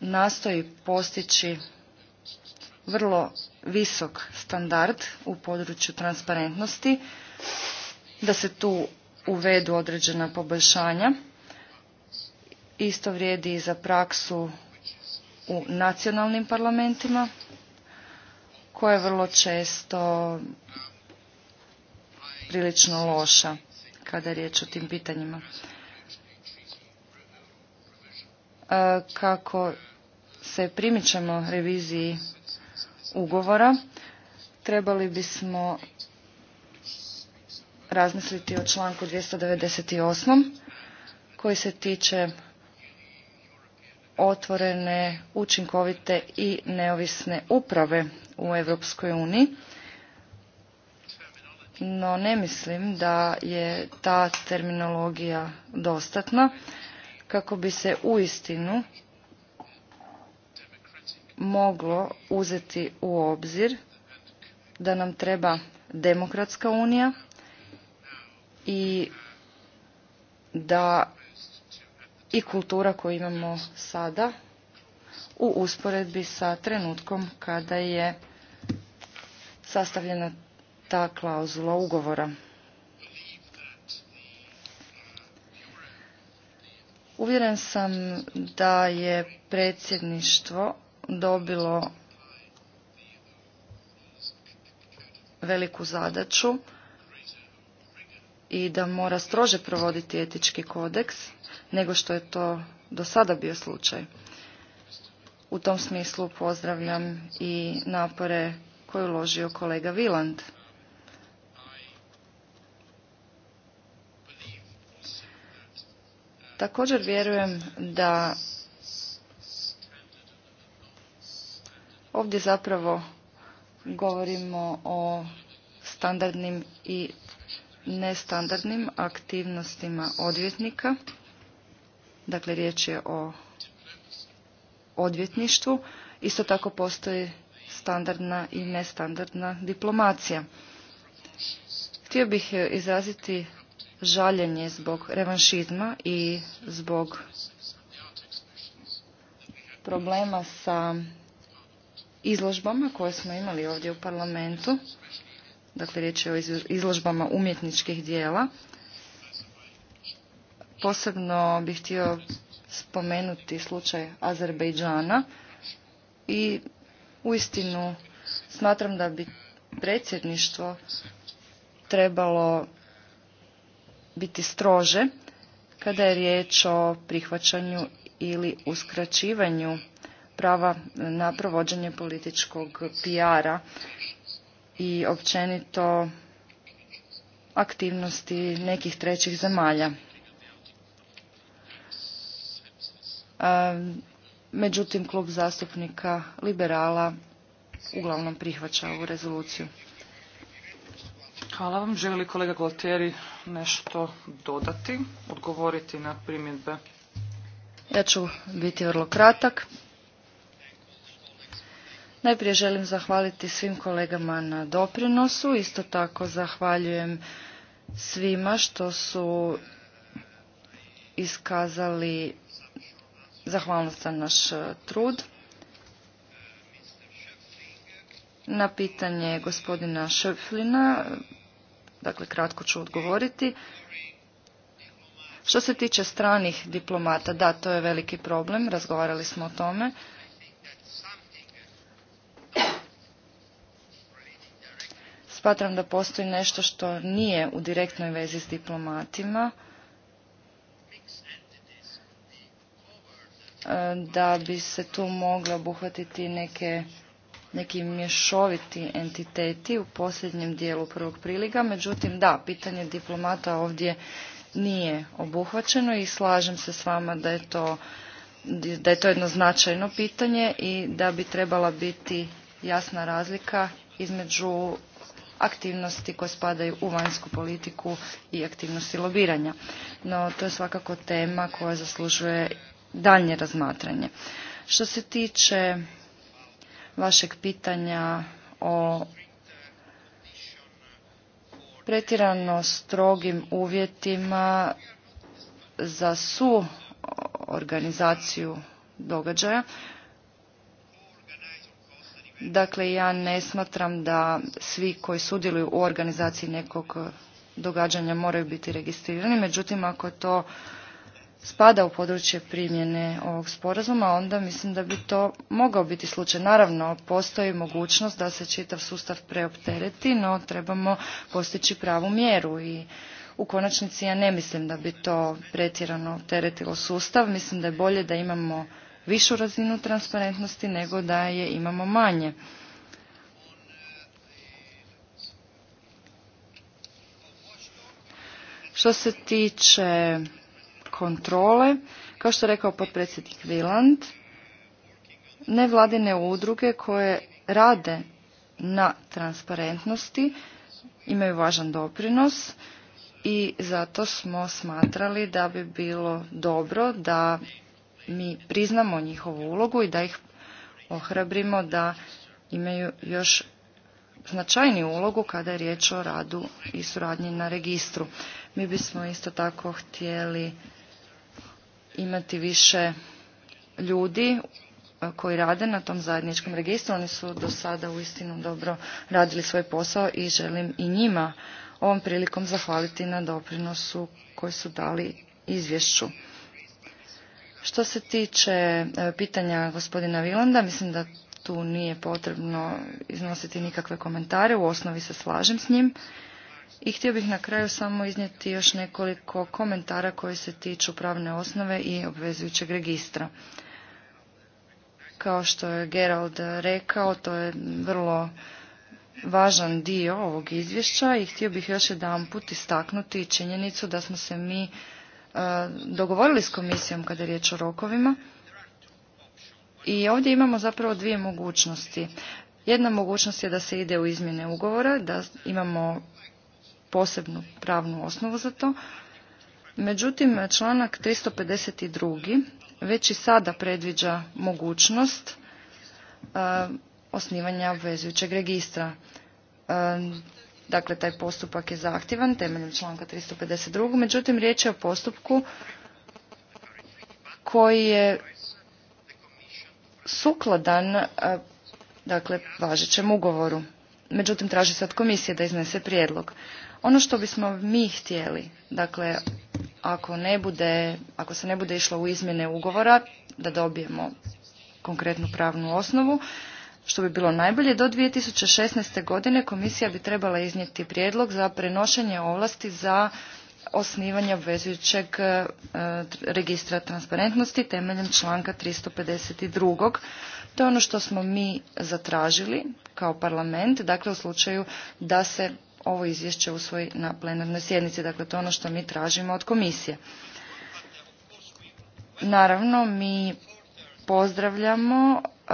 [SPEAKER 3] nastoji postići vrlo visok standard u području transparentnosti, da se tu uvedu određena poboljšanja. Isto vrijedi i za praksu u nacionalnim parlamentima koja je vrlo često prilično loša kada je riječ o tim pitanjima. E, kako se primičemo reviziji ugovora, trebali bismo razmisliti o članku 298. koji se tiče otvorene, učinkovite i neovisne uprave u Europskoj uniji. No ne mislim da je ta terminologija dostatna kako bi se uistinu moglo uzeti u obzir da nam treba demokratska unija i da i kultura koju imamo sada u usporedbi sa trenutkom kada je sastavljena ta klauzula ugovora. Uvjeren sam da je predsjedništvo dobilo veliku zadaću i da mora strože provoditi etički kodeks nego što je to do sada bio slučaj. U tom smislu pozdravljam i napore koje uložio kolega Viland. Također vjerujem da ovdje zapravo govorimo o standardnim i nestandardnim aktivnostima odvjetnika. Dakle, riječ je o odvjetništvu. Isto tako postoji standardna i nestandardna diplomacija. Htio bih e, izraziti žaljenje zbog revanšizma i zbog problema sa izložbama koje smo imali ovdje u parlamentu dakle riječ je o izložbama umjetničkih dijela. Posebno bih htio spomenuti slučaj Azerbejdžana i uistinu smatram da bi predsjedništvo trebalo biti strože kada je riječ o prihvaćanju ili uskraćivanju prava na provođenje političkog PR-a i općenito aktivnosti nekih trećih zemalja. Međutim, klub zastupnika liberala uglavnom prihvaća ovu rezoluciju. Hvala vam. Želi
[SPEAKER 1] li kolega Golteri nešto dodati, odgovoriti na primjedbe?
[SPEAKER 3] Ja ću biti vrlo kratak. Najprije želim zahvaliti svim kolegama na doprinosu, isto tako zahvaljujem svima što su iskazali zahvalnost naš e, trud. Na pitanje gospodina Šöflina, dakle kratko ću odgovoriti. Što se tiče stranih diplomata, da, to je veliki problem, razgovarali smo o tome. Smatram da postoji nešto što nije u direktnoj vezi s diplomatima, e, da bi se tu mogla obuhvatiti neke neki mješoviti entiteti u posljednjem dijelu prvog priliga. Međutim, da, pitanje diplomata ovdje nije obuhvaćeno i slažem se s vama da je to da je to jedno značajno pitanje i da bi trebala biti jasna razlika između aktivnosti koje spadaju u vanjsku politiku i aktivnosti lobiranja. No, to je svakako tema koja zaslužuje daljnje razmatranje. Što se tiče vašeg pitanja o pretirano strogim uvjetima za su organizaciju događaja. Dakle, ja ne smatram da svi koji sudjeluju u organizaciji nekog e, događanja moraju biti registrirani, međutim ako to spada u područje primjene ovog sporazuma, onda mislim da bi to mogao biti slučaj. Naravno, postoji mogućnost da se čitav sustav preoptereti, no trebamo postići pravu mjeru i u konačnici ja ne mislim da bi to pretjerano opteretilo sustav. Mislim da je bolje da imamo višu razinu transparentnosti nego da je imamo manje. Što se tiče kontrole, kao što je rekao potpredsjednik Viland, nevladine udruge koje rade na transparentnosti imaju važan doprinos i zato smo smatrali da bi bilo dobro da mi priznamo njihovu ulogu i da ih ohrabrimo da imaju još značajniju ulogu kada je riječ o radu i suradnji na registru. Mi bismo isto tako htjeli imati više ljudi e, koji rade na tom zajedničkom registru. Oni su do sada uistinu dobro radili svoj posao i želim i njima ovom prilikom zahvaliti na doprinosu koji su dali izvješću. Što se tiče e, pitanja gospodina Vilanda, mislim da tu nije potrebno iznositi nikakve komentare, u osnovi se slažem s njim. I htio bih na kraju samo iznijeti još nekoliko komentara koji se tiču pravne osnove i obvezujućeg registra. Kao što je Gerald rekao, to je vrlo važan dio ovog izvješća i htio bih još jedanput istaknuti činjenicu da smo se mi E, dogovorili s komisijom kada je riječ o rokovima. I ovdje imamo zapravo dvije mogućnosti. Jedna mogućnost je da se ide u izmjene ugovora, da imamo posebnu pravnu osnovu za to. Međutim, članak 352. već i sada predviđa mogućnost e, osnivanja obvezujućeg registra. E, Dakle, taj postupak je zahtjevan temeljem članka 352. Međutim, riječ je o postupku koji je sukladan e, dakle, važećem ugovoru. Međutim, traži se od komisije da iznese prijedlog. Ono što bismo mi htjeli, dakle, ako, ne bude, ako se ne bude išlo u izmjene ugovora, da dobijemo konkretnu pravnu osnovu, što bi bilo najbolje, do 2016. godine komisija bi trebala iznijeti prijedlog za prenošenje ovlasti za osnivanje obvezujućeg e, registra transparentnosti temeljem članka 352. To je ono što smo mi zatražili kao parlament, dakle u slučaju da se ovo izvješće usvoji na plenarnoj sjednici. Dakle, to je ono što mi tražimo od komisije. Naravno, mi pozdravljamo e,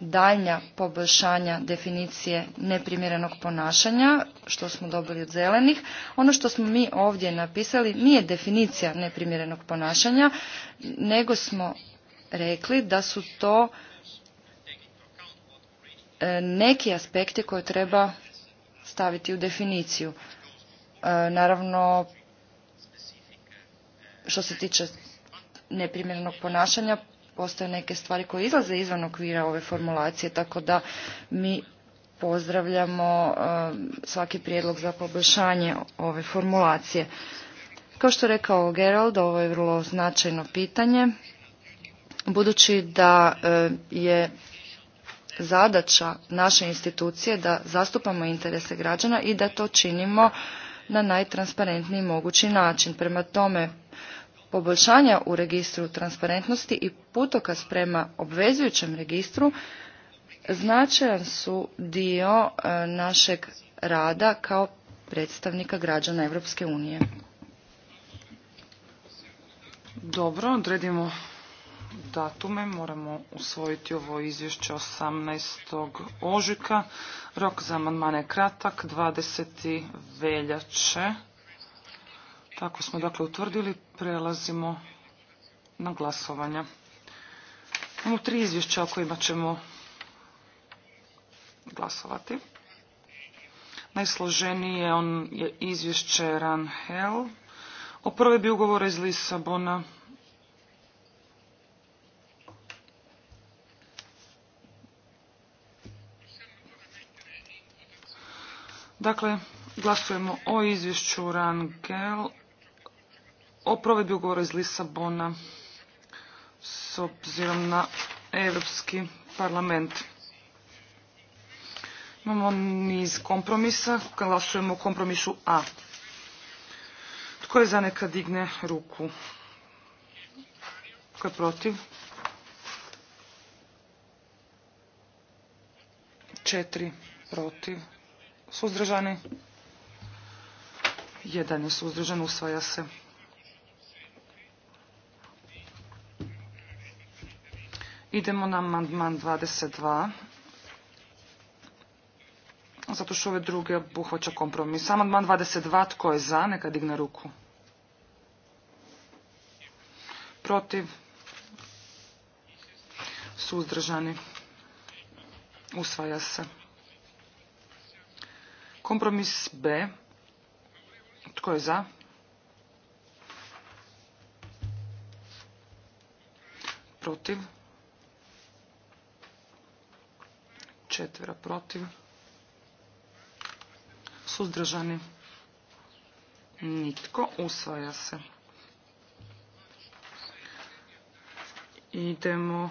[SPEAKER 3] daljnja poboljšanja definicije neprimjerenog ponašanja, što smo dobili od zelenih. Ono što smo mi ovdje napisali nije definicija neprimjerenog ponašanja, nego smo rekli da su to e, neki aspekti koje treba staviti u definiciju. E, naravno, što se tiče neprimjerenog ponašanja, postoje neke stvari koje izlaze izvan okvira ove formulacije, tako da mi pozdravljamo e, svaki prijedlog za poboljšanje ove formulacije. Kao što je rekao Gerald, ovo je vrlo značajno pitanje, budući da e, je zadaća naše institucije da zastupamo interese građana i da to činimo na najtransparentniji mogući način. Prema tome, poboljšanja u registru transparentnosti i putokaz prema obvezujućem registru značajan su dio e, našeg rada kao predstavnika građana Europske unije. Dobro, odredimo datume. Moramo usvojiti
[SPEAKER 1] ovo izvješće 18. ožujka. Rok za amandmane je kratak, 20. veljače. Tako smo dakle utvrdili, prelazimo na glasovanja. Imamo tri izvješća o kojima ćemo glasovati. Najsloženiji je on je izvješće Ran Hell o provedbi ugovora iz Lisabona Dakle, glasujemo o izvješću Rangel o provedbi ugovora iz Lisabona s obzirom na Europski parlament. Imamo niz kompromisa, glasujemo o kompromisu A. Tko je za neka digne ruku? Tko je protiv? Četiri protiv. Suzdržani? Jedan je suzdržan, usvaja se. Idemo na amandman 22. Zato što ove druge obuhvaća kompromis. Amandman 22. Tko je za? Neka digne ruku. Protiv? Suzdržani? Usvaja se. Kompromis B. Tko je za? Protiv? četvera protiv. Suzdržani. Nitko. Usvaja se. Idemo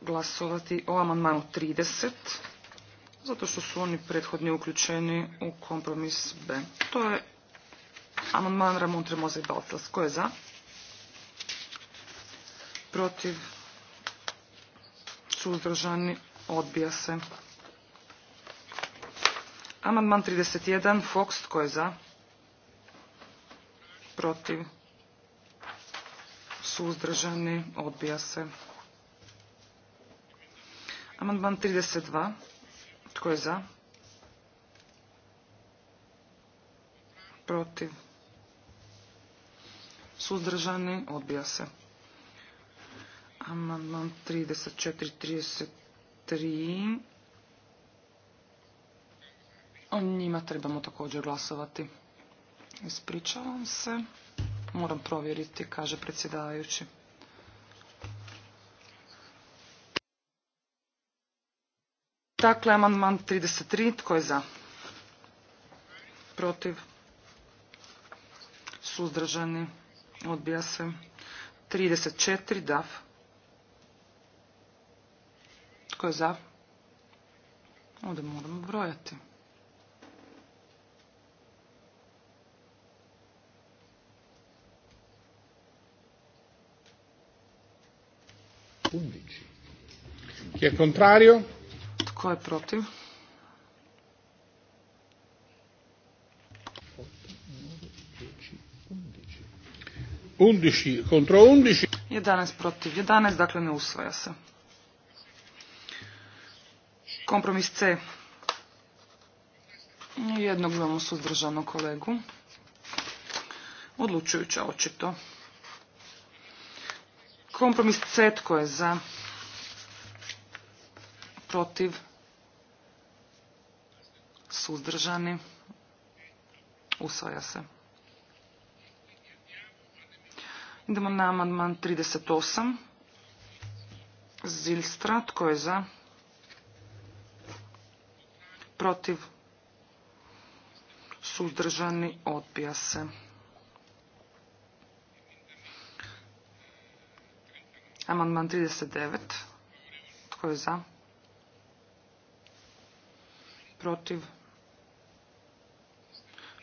[SPEAKER 1] glasovati o amandmanu 30, zato što su oni prethodni uključeni u kompromis B. To je amandman Ramon Tremoza i Baltas. Ko je za? Protiv? Suzdržani? Odbija se. Amandman 31. Fox. Tko je za? Protiv. Suzdržani. Odbija se. Amandman 32. Tko je za? Protiv. Suzdržani. Odbija se. Amandman 34. 30. O njima trebamo također glasovati. Ispričavam se. Moram provjeriti, kaže predsjedavajući. Dakle, amandman 33. Tko je za? Protiv? Suzdržani? Odbija se. 34. DAF. Tko je za? Ovdje moramo brojati. Chi è contrario? Tko je protiv?
[SPEAKER 2] Undici contro undici.
[SPEAKER 1] 11 protiv 11, dakle ne usvaja se. Kompromis C. Jednog imamo kolegu. Odlučujuća očito. Kompromis C tko je za protiv suzdržani usvaja se. Idemo na amandman 38. Zilstra, tko je za? protiv, suzdržani, odbija se. 39. Amandman 39. Tko je za? Protiv?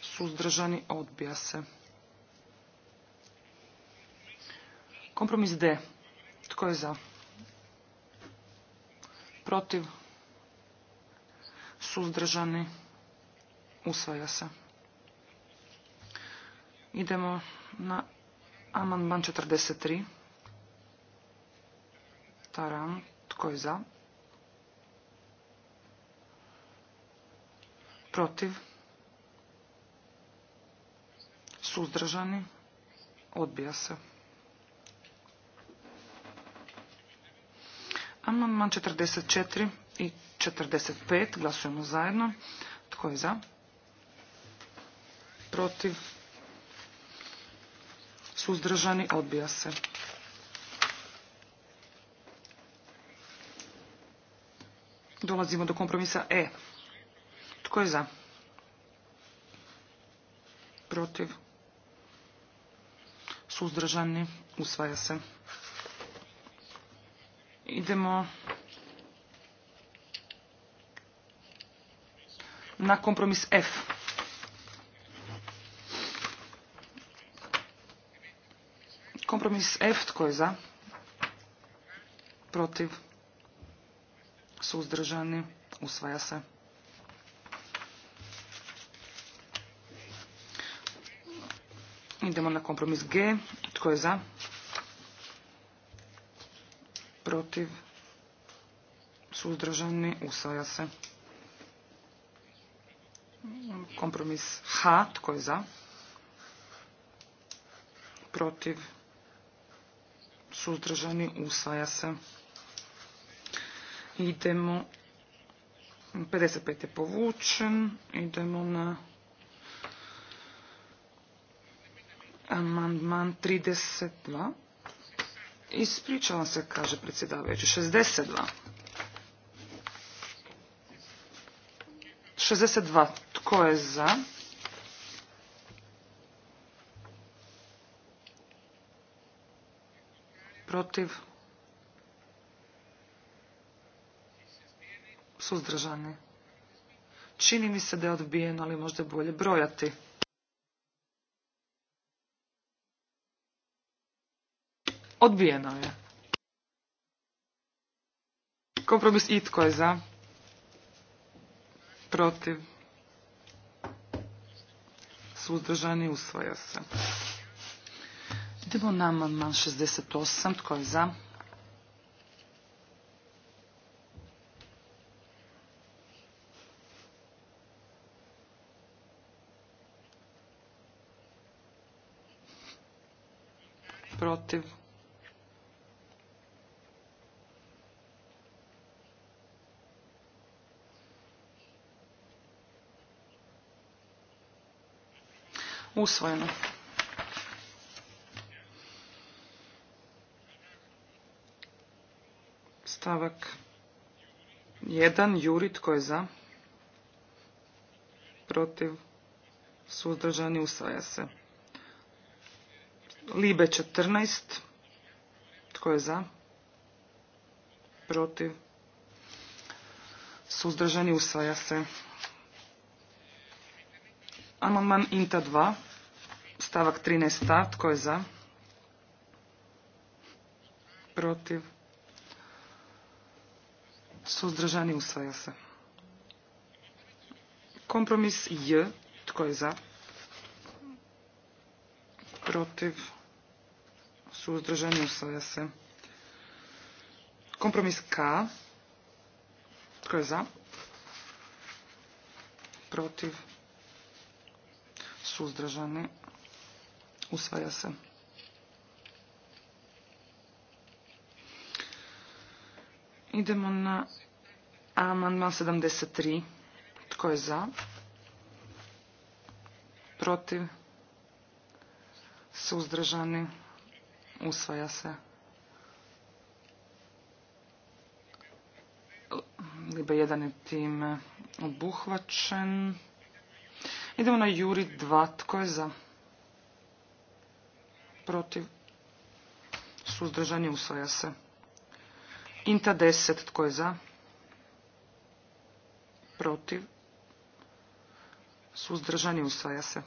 [SPEAKER 1] Suzdržani? Odbija se. Kompromis D. Tko je za? Protiv? suzdržani, usvaja se. Idemo na amandman 43. Taran, tko je za? Protiv? Suzdržani? Odbija se. Amandman 44 i 45. Glasujemo zajedno. Tko je za? Protiv? Suzdržani? Odbija se. Dolazimo do kompromisa E. Tko je za? Protiv? Suzdržani? Usvaja se. Idemo na kompromis F. Kompromis F, tko je za? Protiv? Suzdržani? Usvaja se. Idemo na kompromis G. Tko je za? Protiv? Suzdržani? Usvaja se. Kompromis H, tko je za? Protiv? Suzdržani? Usvaja se. Idemo, 55 je povučen, idemo na amandman 32. Ispričavam se, kaže predsjedavajući, 62. 62. Tko je za? Protiv? Suzdržani. Čini mi se da je odbijeno, ali možda bolje brojati. Odbijeno je. Kompromis i tko je za? Protiv suzdržani, usvoja se. Idemo na amandman 68, tko je za? Protiv? usvojeno. Stavak 1. Juri, tko je za? Protiv? Suzdržani usvaja se. Libe 14. Tko je za? Protiv? Suzdržani usvaja se. Amandman Inta 2. Stavak 13a. Tko je za? Protiv? Suzdržani usvaja se. Kompromis J. Tko je za? Protiv? Suzdržani usvaja se. Kompromis K. Tko je za? Protiv? Suzdržani Usvaja se. Idemo na amandman 73. Tko je za? Protiv? Suzdržani? Usvaja se. liba jedan je time obuhvaćen. Idemo na Juri 2. Tko je za? protiv, suzdržani, usvaja se. Inta 10, tko je za, protiv, suzdržani, usvaja se.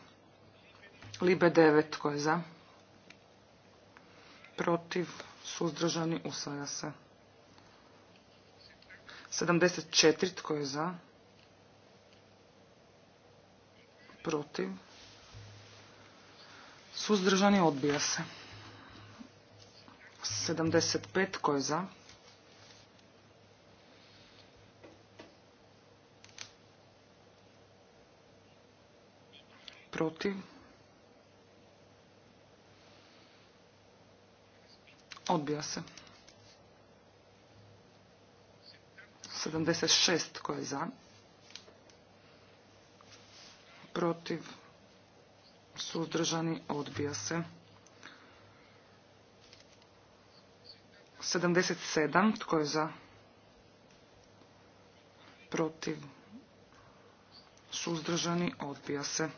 [SPEAKER 1] Libe 9, tko je za, protiv, suzdržani, usvaja se. 74, tko je za, protiv, Suzdržani odbija se. 75 koje je za? Protiv? Odbija se. 76 koje je za? Protiv? suzdržani, odbija se. 77, tko je za? Protiv, suzdržani, odbija se.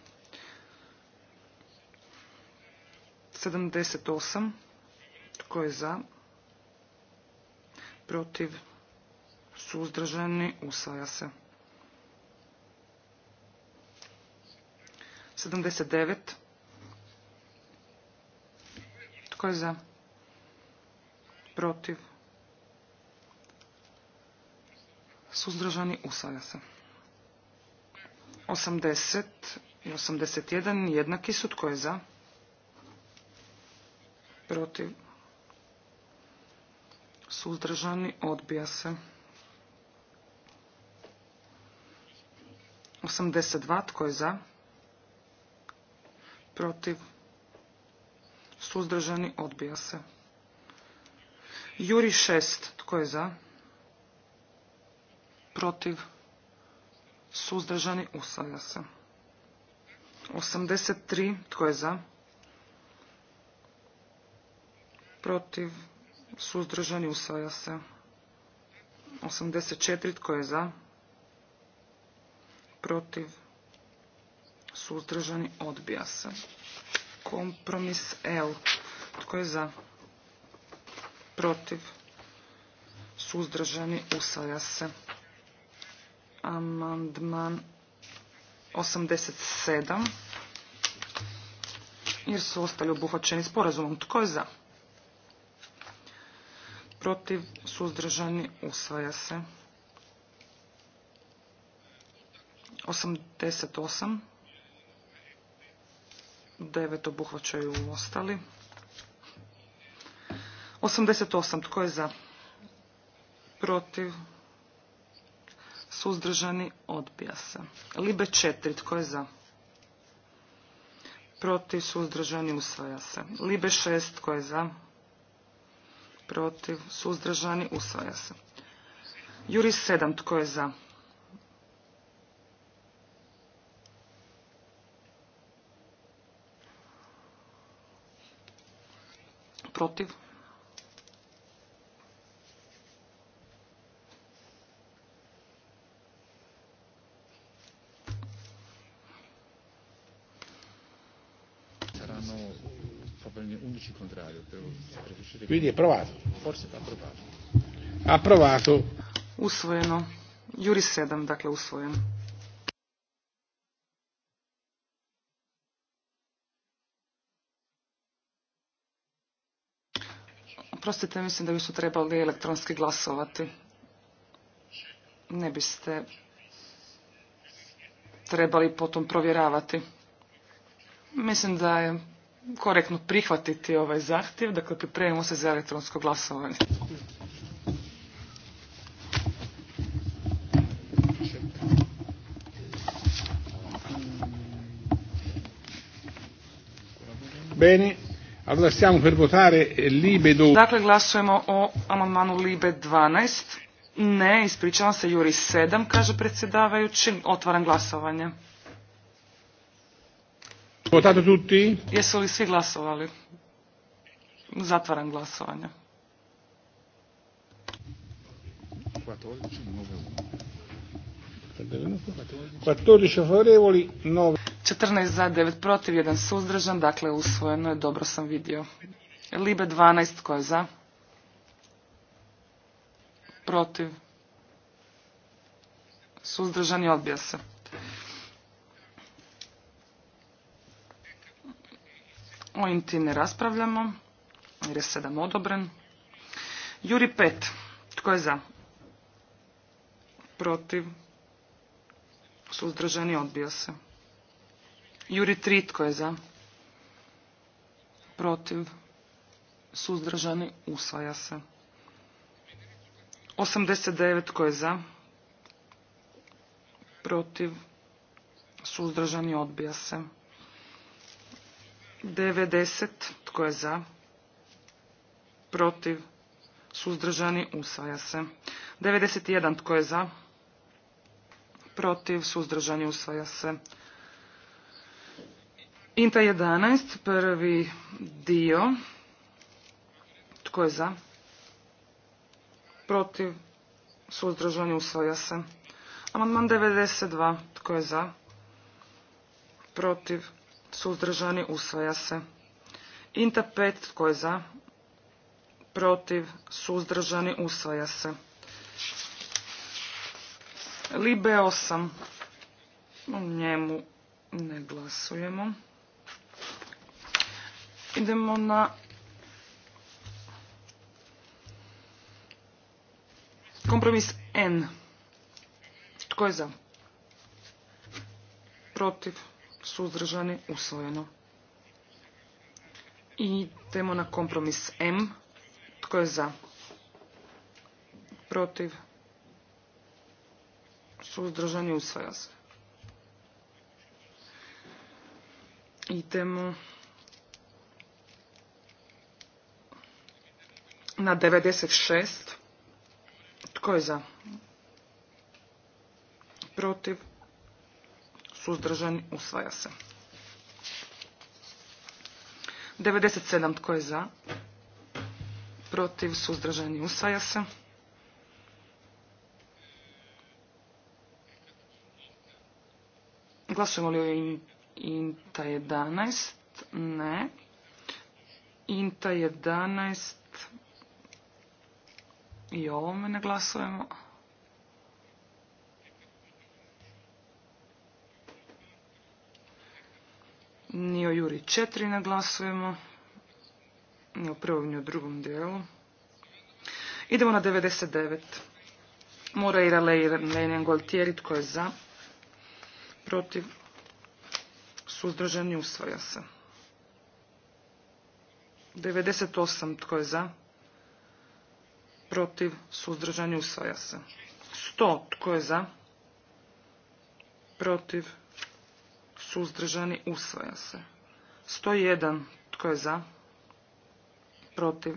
[SPEAKER 1] 78, tko je za? Protiv, suzdržani, usvaja se. 79 tko je za? Protiv? Suzdržani usvaja se. 80 i 81 jednaki su. Tko je za? Protiv? Suzdržani odbija se. 82. Tko je za? Protiv? suzdržani, odbija se. Juri šest. tko je za? Protiv, suzdržani, usvaja se. 83, tko je za? Protiv, suzdržani, usvaja se. 84, tko je za? Protiv, suzdržani, odbija se. Kompromis L. Tko je za? Protiv? Suzdržani? Usvaja se. Amandman 87. Jer su ostali obuhvaćeni sporazumom. Tko je za? Protiv? Suzdržani? Usvaja se. 88. Devet obuhvaćaju ostali. 88. Tko je za? Protiv? Suzdržani? Odbija se. Libe 4. Tko je za? Protiv? Suzdržani? Usvaja se. Libe 6. Tko je za? Protiv? Suzdržani? Usvaja se. Juri 7. Tko je za? protiv? Quindi è Usvojeno. Juri 7, dakle usvojeno. Oprostite, mislim da su trebali elektronski glasovati. Ne biste trebali potom provjeravati. Mislim da je korektno prihvatiti ovaj zahtjev, dakle pripremimo se za elektronsko glasovanje.
[SPEAKER 2] Bene, Allora stiamo per votare eh, Libe 12.
[SPEAKER 1] Dakle, glasujemo o amandmanu Libe 12. Ne, ispričavam se, Juri 7, kaže predsjedavajući. Otvaram glasovanje.
[SPEAKER 2] Votato tutti?
[SPEAKER 1] Jesu li svi glasovali? Zatvaram glasovanje. 14, 14 pa za, 9 protiv, 1 suzdržan, dakle usvojeno je, dobro sam vidio. Libe 12, ko je za? Protiv. Suzdržan je odbija se. O Inti ne raspravljamo, jer je 7 odobren. Juri 5, tko je za? Protiv Suzdržani odbija se. Juri 3 tko je za? Protiv. Suzdržani usvaja se. 89 tko je za? Protiv. Suzdržani odbija se. 90 tko je za? Protiv. Suzdržani usvaja se. 91 tko je za? protiv, suzdržani, usvaja se. Inta 11, prvi dio. Tko je za? Protiv, suzdržani, usvaja se. Amandman 92, tko je za? Protiv, suzdržani, usvaja se. Inta 5, tko je za? Protiv, suzdržani, usvaja se. Libe 8. U njemu ne glasujemo. Idemo na kompromis N. Tko je za? Protiv, suzdržani, usvojeno. I idemo na kompromis M. Tko je za? Protiv, Suzdržani usvaja se. Idemo na 96. Tko je za? Protiv? Suzdržani usvaja se. 97. Tko je za? Protiv? Suzdržani usvaja se. Glasujemo li o Inta 11? Ne. Inta 11. I ovome ne glasujemo. Ni o Juri 4 ne glasujemo. Ni o prvom, ni o drugom dijelu. Idemo na 99. Moreira Leinen Goltieri, tko je za? protiv, Suzdržan i usvaja se. 98. Tko je za? Protiv, Suzdržan i usvaja se. 100. Tko je za? Protiv, Suzdržan i usvaja se. 101. Tko je za? Protiv,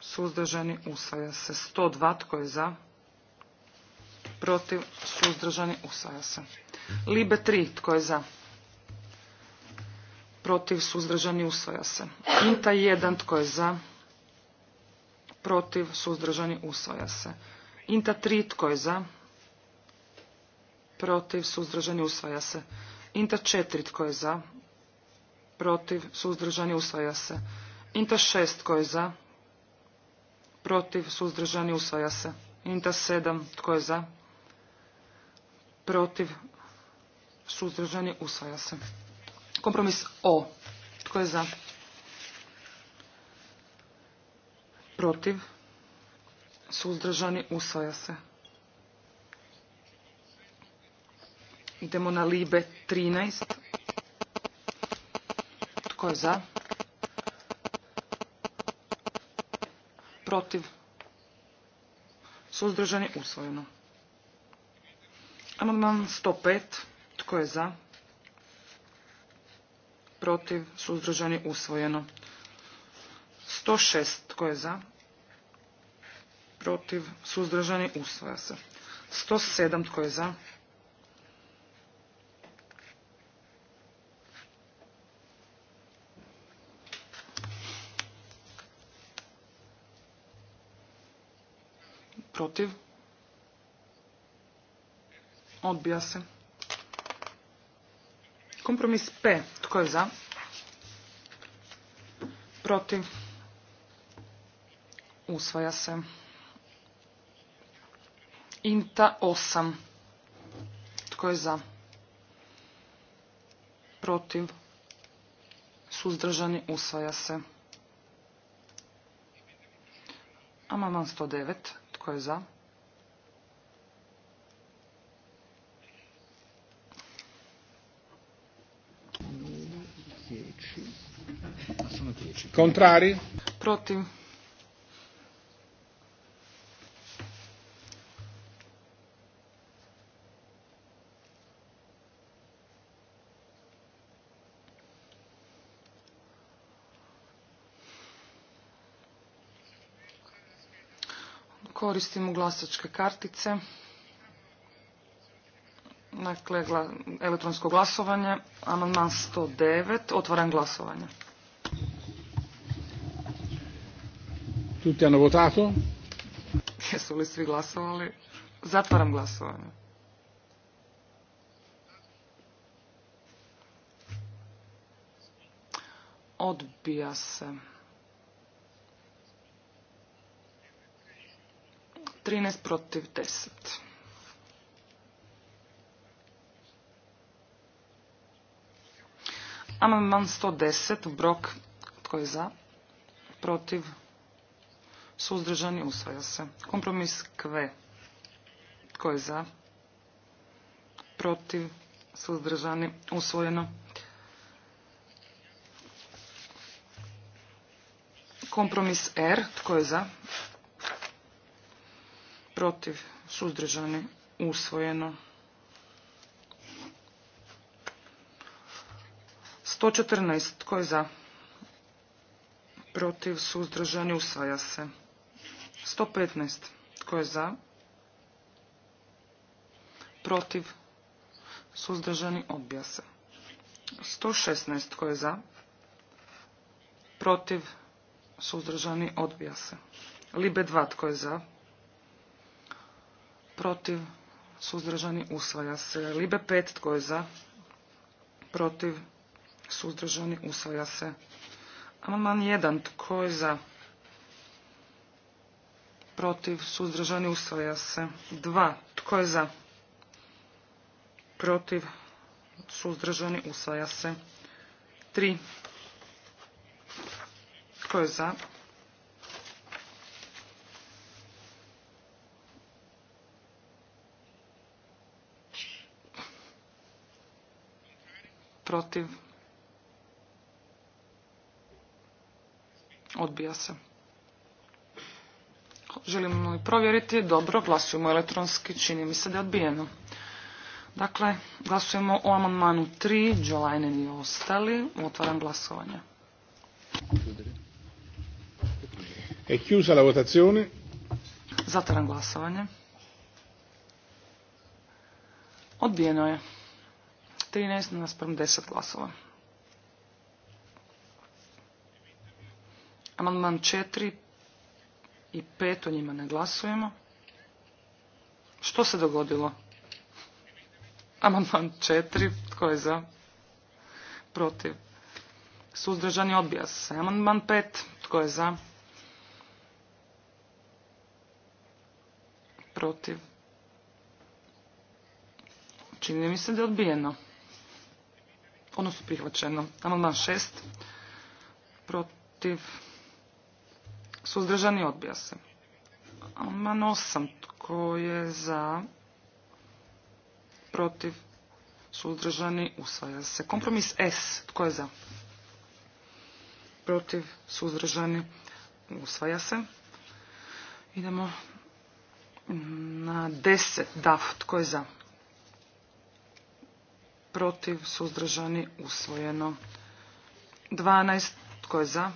[SPEAKER 1] Suzdržan i usvaja se. 102. Tko je za? protiv, suzdržani, usvaja se. Libe 3, tko je za? Protiv, suzdržani, usvaja se. Inta 1, tko je za? Protiv, suzdržani, usvaja se. Inta 3, tko je za? Protiv, suzdržani, usvaja se. Inta 4, tko je za? Protiv, suzdržani, usvaja se. Inta 6, tko je za? Protiv, suzdržani, usvaja se. Inta 7. Tko je za? Protiv? Suzdržani? Usvaja se. Kompromis O. Tko je za? Protiv? Suzdržani? Usvaja se. Idemo na Libe 13. Tko je za? Protiv? Suzdržani? Usvojeno. Amandman pet Tko je za? Protiv? Suzdržani? Usvojeno. 106. Tko je za? Protiv? Suzdržani? Usvoja se. 107. Tko je za? Protiv? Odbija se. Kompromis P. Tko je za? Protiv? Usvaja se. Inta 8. Tko je za? Protiv? Suzdržani usvaja se. Amaman 109. Tko je za? Kontrari? Protiv. koristimo glasačke kartice, dakle elektronsko glasovanje, amandman 109, otvaram glasovanje.
[SPEAKER 2] Tutti hanno votato?
[SPEAKER 1] Jesu li svi glasovali? Zatvaram glasovanje. Odbija se. 13 protiv 10. Amandman 110, Brok, tko je za? Protiv? Suzdržani, usvaja se. Kompromis KV, tko je za? Protiv? Suzdržani, usvojeno. Kompromis R, tko je za? protiv, suzdržani, usvojeno. 114. Tko je za? Protiv, suzdržani, usvaja se. 115. Tko je za? Protiv, suzdržani, odbija se. 116. Tko je za? Protiv, suzdržani, odbija se. Libe 2. Tko je za? protiv, suzdržani, usvaja se. Libe pet, tko je za, protiv, suzdržani, usvaja se. Amandman jedan, tko je za, protiv, suzdržani, usvaja se. Dva, tko je za, protiv, suzdržani, usvaja se. Tri, tko je za, protiv, odbija se. Želimo li provjeriti? Dobro, glasujemo elektronski, čini mi se da je odbijeno. Dakle, glasujemo o amandmanu 3, Jolajnen i ostali. Otvaram glasovanje.
[SPEAKER 2] È chiusa la votazione.
[SPEAKER 1] Zatvaram glasovanje. Odbijeno je. 13 naspram 10 glasova. Amandman 4 i 5 o njima ne glasujemo. Što se dogodilo? Amandman 4, tko je za? Protiv. Suzdržani odbija se. Amandman 5, tko je za? Protiv. Čini mi se da je odbijeno. Ono su prihvaćeno. Amandman 6. Protiv. Suzdržani odbija se. Amandman 8. Tko je za? Protiv. Suzdržani usvaja se. Kompromis S. Tko je za? Protiv. Suzdržani usvaja se. Idemo na 10. DAF. Tko je za? protiv, suzdržani, usvojeno. 12. Tko je za?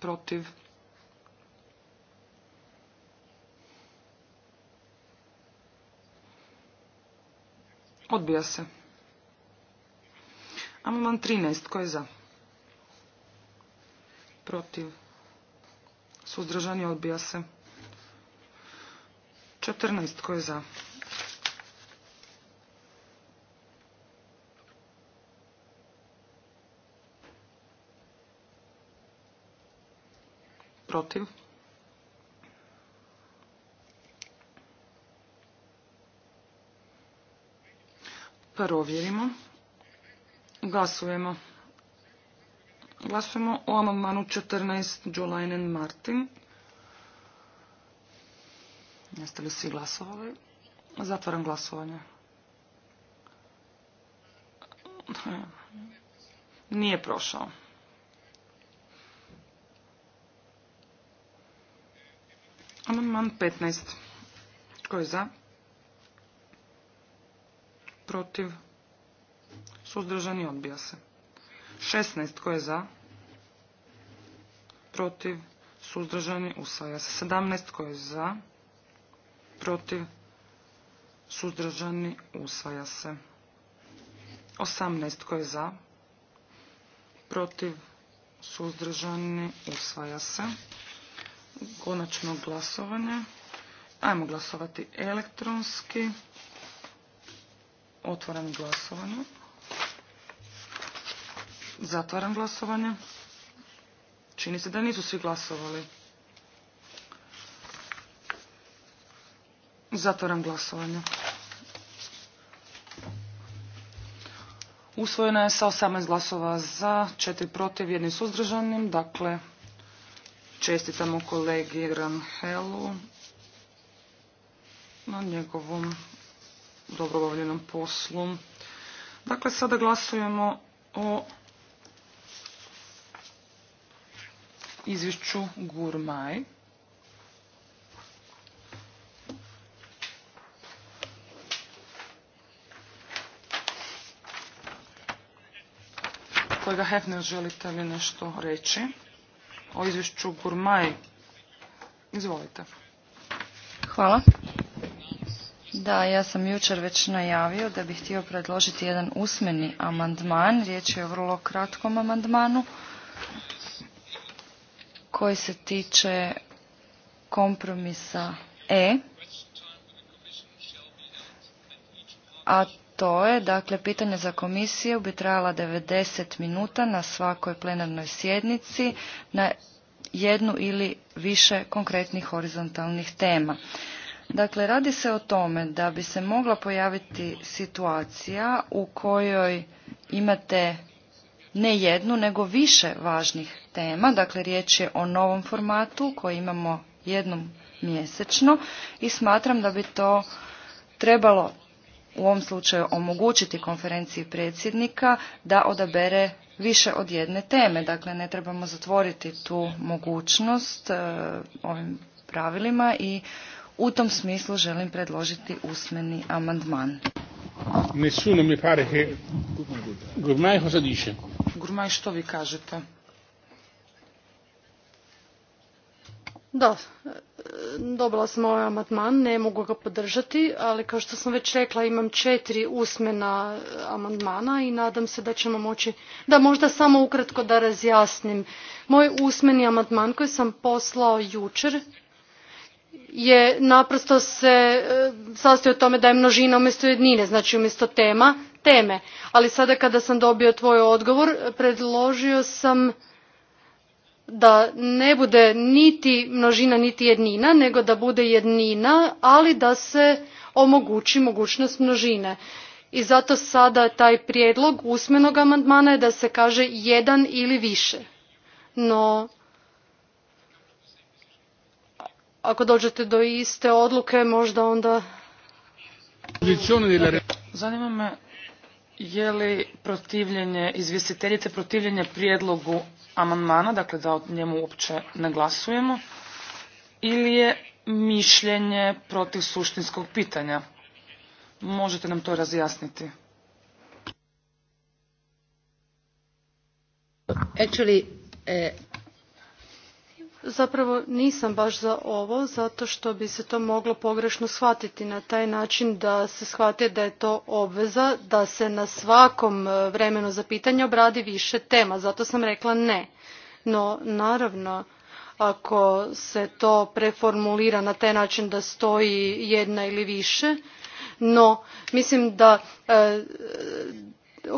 [SPEAKER 1] Protiv. Odbija se. Amandman 13. Tko je za? Protiv. Suzdržani odbija se. 14. Tko je za? Protiv? Provjerimo. Glasujemo. Glasujemo o amandmanu 14 Jolainen Martin. Jeste li svi glasovali? Zatvaram glasovanje. Nije prošao. Amandman 15. Tko je za? Protiv? Suzdržani odbija se. 16. Tko je za? Protiv? Suzdržani? Usvaja se. 17. Tko je za? Protiv? Suzdržani? Usvaja se. 18. Tko je za? Protiv? Suzdržani? Usvaja se. Konačno glasovanje. Ajmo glasovati elektronski. Otvaram glasovanje. Zatvaram glasovanje. Čini se da nisu svi glasovali. Zatvaram glasovanje. Usvojena je sa 18 glasova za, 4 protiv, jednim suzdržanim. Dakle, čestitamo kolegi Helu na njegovom dobrovoljenom poslu. Dakle, sada glasujemo o izvješću Gurmaj. Kolega Hefner, želite li nešto reći o izvješću Gurmaj? Izvolite.
[SPEAKER 3] Hvala. Da, ja sam jučer već najavio da bih htio predložiti jedan usmeni amandman. Riječ je o vrlo kratkom amandmanu koji se tiče kompromisa E, a to je, dakle, pitanje za komisiju bi trajala 90 minuta na svakoj plenarnoj sjednici na jednu ili više konkretnih horizontalnih tema. Dakle, radi se o tome da bi se mogla pojaviti situacija u kojoj imate ne jednu, nego više važnih tema. Dakle, riječ je o novom formatu koji imamo jednom mjesečno i smatram da bi to trebalo u ovom slučaju omogućiti konferenciji predsjednika da odabere više od jedne teme. Dakle, ne trebamo zatvoriti tu mogućnost e, ovim pravilima i u tom smislu želim predložiti usmeni amandman. mi pare i što vi kažete?
[SPEAKER 2] Da, e, dobila sam ovaj amandman, ne mogu ga podržati, ali kao što sam već rekla imam četiri usmena e, amandmana i nadam se da ćemo moći, da možda samo ukratko da razjasnim. Moj usmeni amandman koji sam poslao jučer je naprosto se e, sastoji o tome da je množina umjesto jednine, znači umjesto tema teme. Ali sada kada sam dobio tvoj odgovor, predložio sam da ne bude niti množina niti jednina, nego da bude jednina, ali da se omogući mogućnost množine. I zato sada taj prijedlog usmenog amandmana je da se kaže jedan ili više. No, ako dođete do iste odluke, možda onda...
[SPEAKER 1] Zanima me je li protivljenje izvjestiteljice protivljenje prijedlogu amandmana, dakle da o njemu uopće ne glasujemo, ili je mišljenje protiv suštinskog pitanja? Možete nam to
[SPEAKER 2] razjasniti? Actually, eh, zapravo nisam baš za ovo zato što bi se to moglo pogrešno shvatiti na taj način da se shvati da je to obveza da se na svakom e, vremenu za pitanje obradi više tema zato sam rekla ne no naravno ako se to preformulira na taj način da stoji jedna ili više no mislim da e,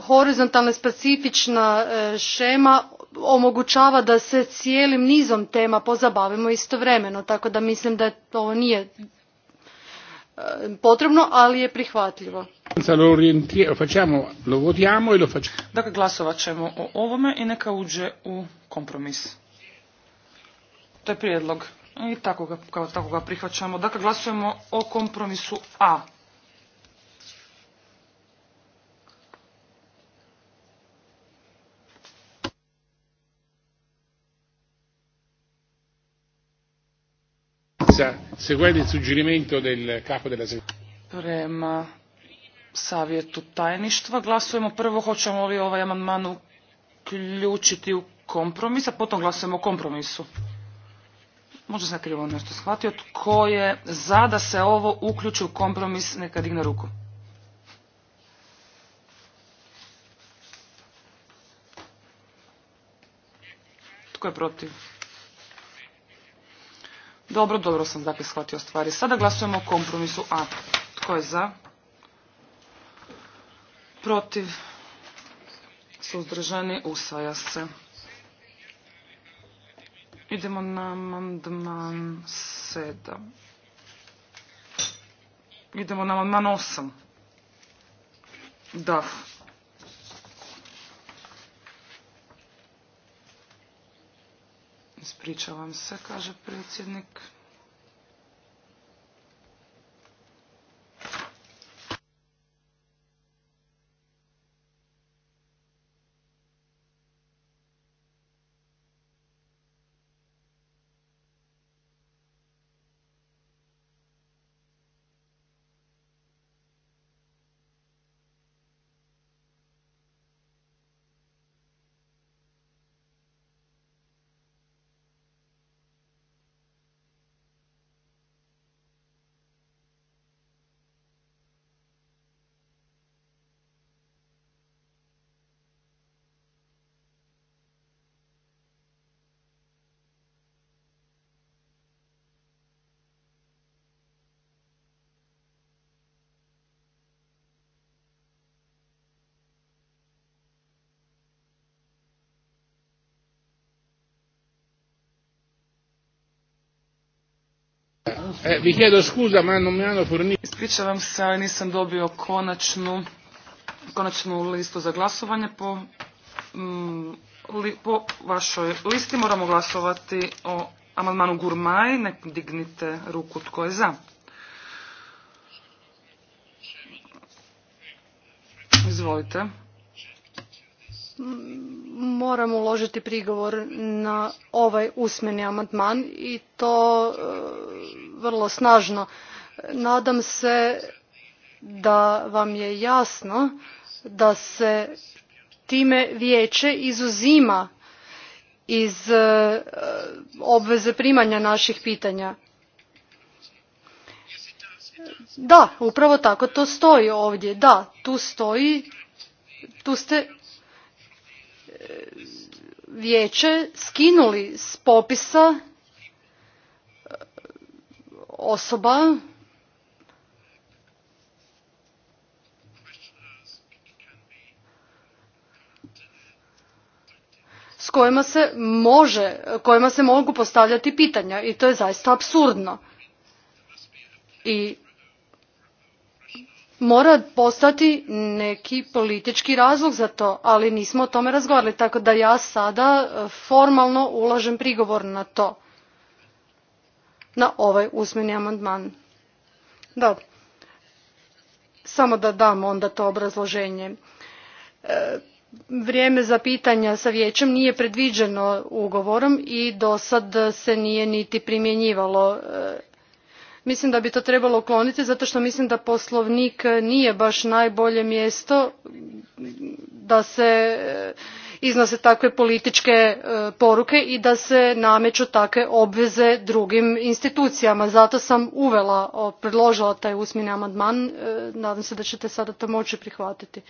[SPEAKER 2] horizontalna specifična šema e, omogućava da se cijelim nizom tema pozabavimo istovremeno, tako da mislim da to nije e, potrebno, ali je prihvatljivo. E
[SPEAKER 1] dakle, glasovat ćemo o ovome i neka uđe u kompromis. To je prijedlog i tako ga, tako ga prihvaćamo. Dakle, glasujemo o kompromisu A. Prema savjetu tajništva glasujemo prvo hoćemo li ovaj amandman uključiti u kompromis, a potom glasujemo o kompromisu. Možda sam krivo nešto shvatio. Tko je za da se ovo uključi u kompromis, neka digne ruku. Tko je protiv? Dobro, dobro sam dakle shvatio stvari. Sada glasujemo o kompromisu A. Tko je za? Protiv? Suzdržani? Usvaja se. Idemo na amandman 7. Idemo na amandman 8. Da. Ispričavam se, kaže predsjednik. Eh, vi chiedo scusa ma non mi hanno fornito. Ispričavam se, ali nisam dobio konačnu, konačnu listu za glasovanje po, mm, po vašoj listi. Moramo glasovati o amandmanu Gurmaj. Nek dignite ruku tko je za. Izvolite
[SPEAKER 2] moram uložiti prigovor na ovaj usmeni amandman i to e, vrlo snažno. Nadam se da vam je jasno da se time vijeće izuzima iz e, obveze primanja naših pitanja. Da, upravo tako to stoji ovdje. Da, tu stoji, tu ste vijeće skinuli s popisa e, osoba s kojima se može, kojima se mogu postavljati pitanja i to je zaista apsurdno. I mora postati neki politički razlog za to, ali nismo o tome razgovarali, tako da ja sada e, formalno ulažem prigovor na to, na ovaj usmeni amandman. Dobro. Samo da dam onda to obrazloženje. E, vrijeme za pitanja sa vijećem nije predviđeno ugovorom i do sad se nije niti primjenjivalo. E, mislim da bi to trebalo ukloniti zato što mislim da poslovnik nije baš najbolje mjesto da se eh, iznose takve političke eh, poruke i da se nameću takve obveze drugim institucijama zato sam uvela predložila taj usmeni amandman eh, nadam se da ćete sada to moći prihvatiti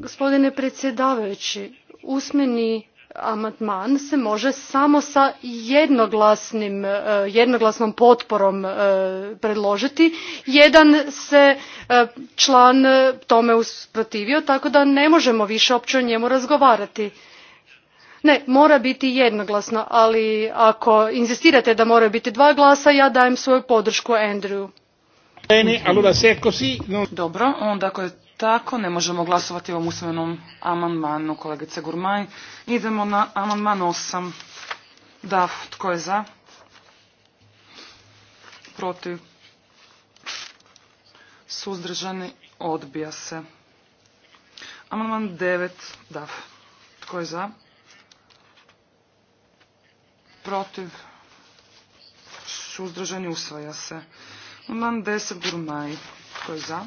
[SPEAKER 2] gospodine predsjedavajući usmeni amandman se može samo sa jednoglasnim, e, jednoglasnom potporom e, predložiti. Jedan se e, član tome usprotivio, tako da ne možemo više uopće o njemu razgovarati. Ne, mora biti jednoglasno, ali ako inzistirate da moraju biti dva glasa, ja dajem svoju podršku Andrewu.
[SPEAKER 1] Dobro, onda tako ne možemo glasovati o ovom usmenom amandmanu kolegice Gurmaj. Idemo na amandman 8. Da, tko je za? Protiv? Suzdržani? Odbija se. Amandman 9. Da, tko je za? Protiv? Suzdržani? Usvaja se. Amandman 10. Gurmaj. Tko je za?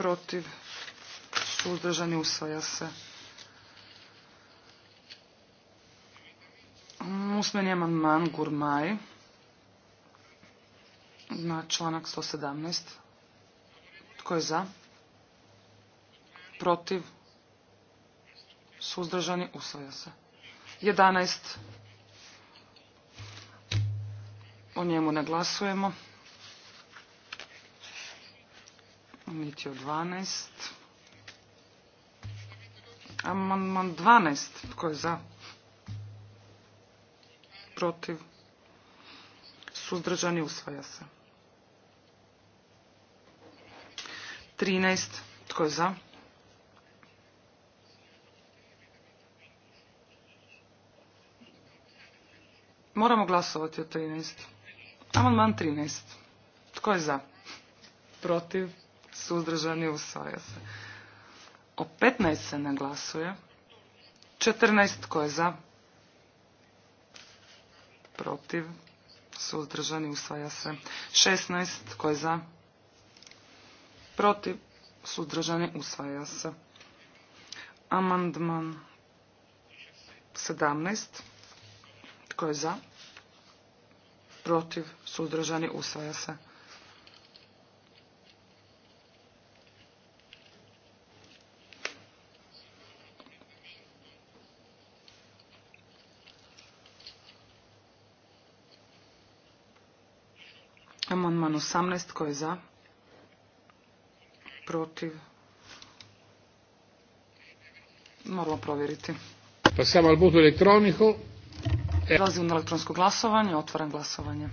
[SPEAKER 1] protiv, suzdržani, usvaja se. Usmeni amandman Gurmaj na članak 117. Tko je za? Protiv? Suzdržani? Usvaja se. 11. O njemu ne glasujemo. niti 12. Amandman 12. Tko je za? Protiv? Suzdržani usvaja se. 13. Tko je za? Moramo glasovati o 13. Amandman 13. Tko je za? Protiv? suzdržani, usvaja se. O 15 se ne glasuje. 14 tko je za? Protiv, suzdržani, usvaja se. 16 tko je za? Protiv, suzdržani, usvaja se. Amandman 17. Tko je za? Protiv, suzdržani, usvaja se. 18 koji je za? Protiv? Moramo provjeriti.
[SPEAKER 2] Passiamo al budu elettronico.
[SPEAKER 1] E- razim na elektronsko glasovanje, otvaram glasovanje.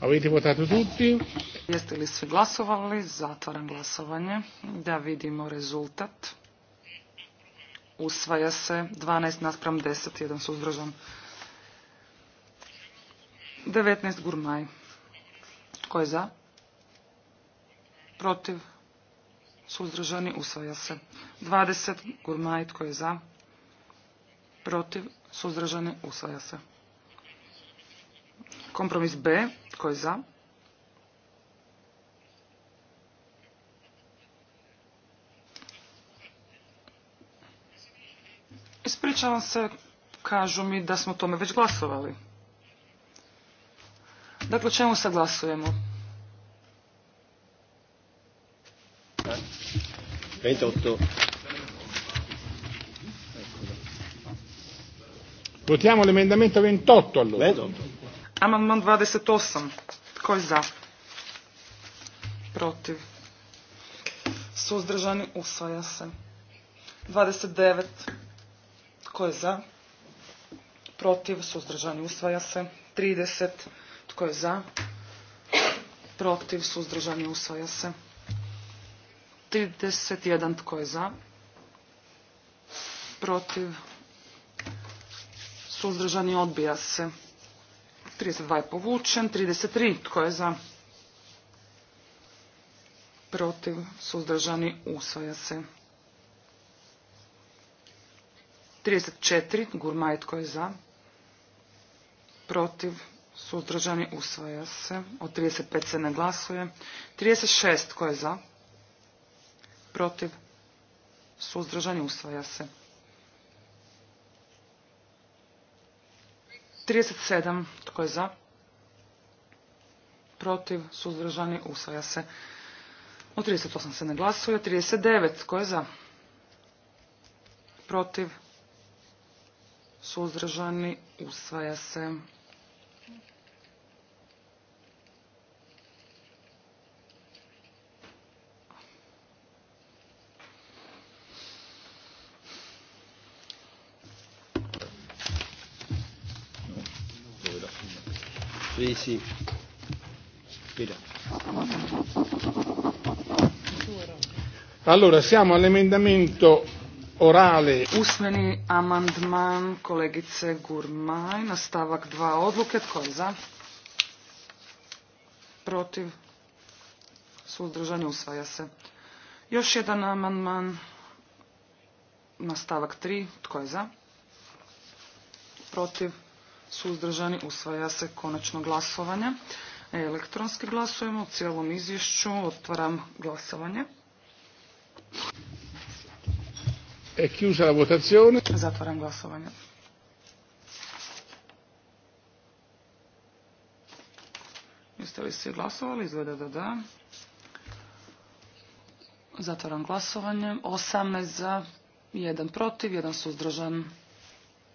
[SPEAKER 2] Avete votato tutti?
[SPEAKER 1] Jeste li svi glasovali? Zatvaram glasovanje. Da vidimo rezultat. Usvaja se 12 naspram 10, jedan suzdržan. 19 gurmaj. Tko je za? Protiv? Suzdržani? Usvaja se. 20. Gurmaj. Tko je za? Protiv? Suzdržani? Usvaja se. Kompromis B. Tko je za? Ispričavam se, kažu mi da smo tome već glasovali. Dakle, čemu sad glasujemo?
[SPEAKER 2] Votiamo l'emendamento 28 allora.
[SPEAKER 1] Amandman 28. Tko je za? Protiv. Suzdržani usvaja se. 29. Tko je za? Protiv. Suzdržani usvaja se. 30. Tko je za? Protiv, suzdržani, usvaja se. 31. Tko je za? Protiv, suzdržani, odbija se. 32 je povučen. 33. Tko je za? Protiv, suzdržani, usvaja se. 34. Gurmaj, tko je za? Protiv, Suzdržani usvaja se. Od 35 se ne glasuje. 36 tko je za? Protiv? Suzdržani usvaja se. 37 tko je za? Protiv? Suzdržani usvaja se. Od 38 se ne glasuje. 39 tko je za? Protiv? Suzdržani usvaja se.
[SPEAKER 3] si, Spira.
[SPEAKER 2] Allora, siamo all'emendamento orale. Usmeni
[SPEAKER 1] amandman kolegice Gurmaj na stavak 2 odluke. Tko je za? Protiv? Suzdržanje usvaja se. Još jedan amandman na stavak 3. Tko je za? Protiv? suzdržani, usvaja se konačno glasovanje. E, elektronski glasujemo u cijelom izvješću, otvaram glasovanje. E chiusa votazione. Zatvaram glasovanje. Jeste li svi glasovali? Izgleda da da. Zatvaram glasovanje. 18 za, 1 protiv, 1 suzdržan.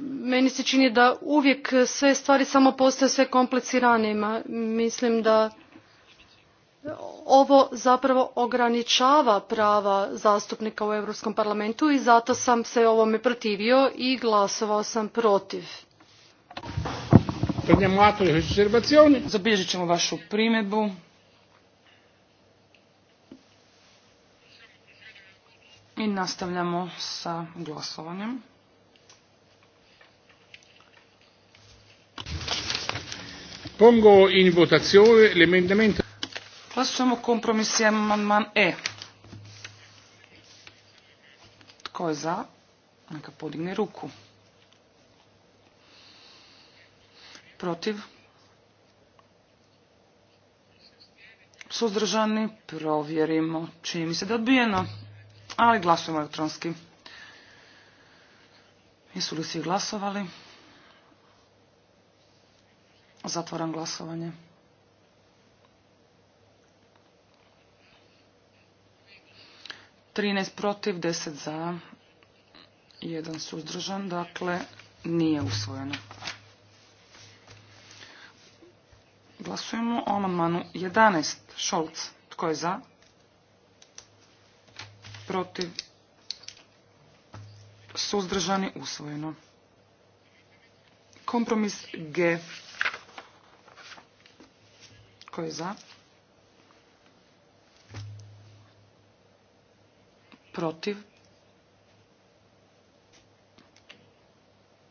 [SPEAKER 2] meni se čini da uvijek sve stvari samo postaju sve kompliciranijima. Mislim da ovo zapravo ograničava prava zastupnika u Europskom parlamentu i zato sam se ovome protivio i glasovao sam protiv.
[SPEAKER 1] Zabilježit ćemo vašu primjedbu. I nastavljamo sa glasovanjem.
[SPEAKER 2] Pongo in votazione
[SPEAKER 1] l'emendamento. man amandman E. Tko je za? Neka podigne ruku. Protiv? Suzdržani? Provjerimo. Čini mi se da je odbijeno, ali glasujemo elektronski. Jesu li svi glasovali? Zatvaram glasovanje. Trinaest protiv, deset za, jedan suzdržan, dakle nije usvojeno. Glasujemo o amandmanu 11. Šolc. Tko je za? Protiv? Suzdržani usvojeno. Kompromis G. Tko je za? Protiv?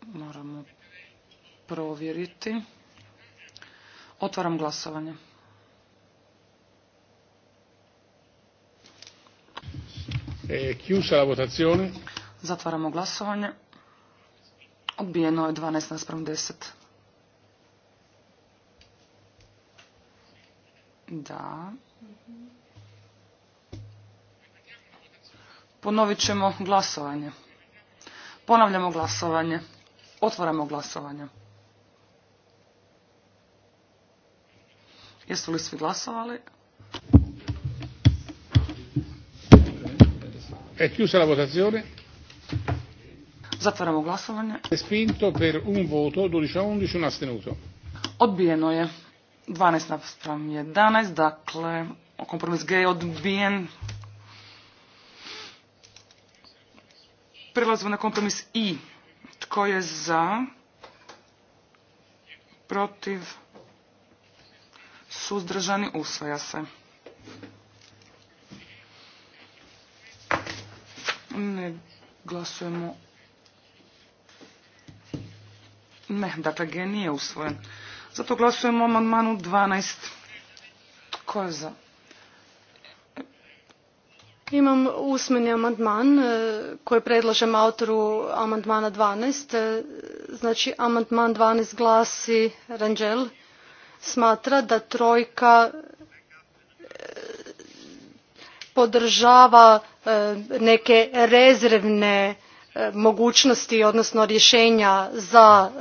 [SPEAKER 1] Moramo provjeriti. Otvaram glasovanje.
[SPEAKER 2] E, chiusa la votazione.
[SPEAKER 1] Zatvaramo glasovanje. Odbijeno je 12 naspram 10. Da. Ponovit ćemo glasovanje. Ponavljamo glasovanje. Otvaramo glasovanje. Jesu li svi glasovali? È e, chiusa la votazione. Zatvaramo glasovanje. Spinto
[SPEAKER 2] per un voto, 12 a 11, un astenuto.
[SPEAKER 1] Odbijeno je. 12 naspram 11, dakle, kompromis G je odbijen. Prelazimo na kompromis I. Tko je za? Protiv? Suzdržani? Usvaja se. Ne glasujemo. Ne, dakle, G nije usvojen. Zato glasujemo o amandmanu 12.
[SPEAKER 2] Tko je za? Imam usmeni amandman e, koji predlažem autoru amandmana 12. E, znači, amandman 12 glasi Rangel. smatra da trojka e, podržava neke rezervne mogućnosti, odnosno rješenja za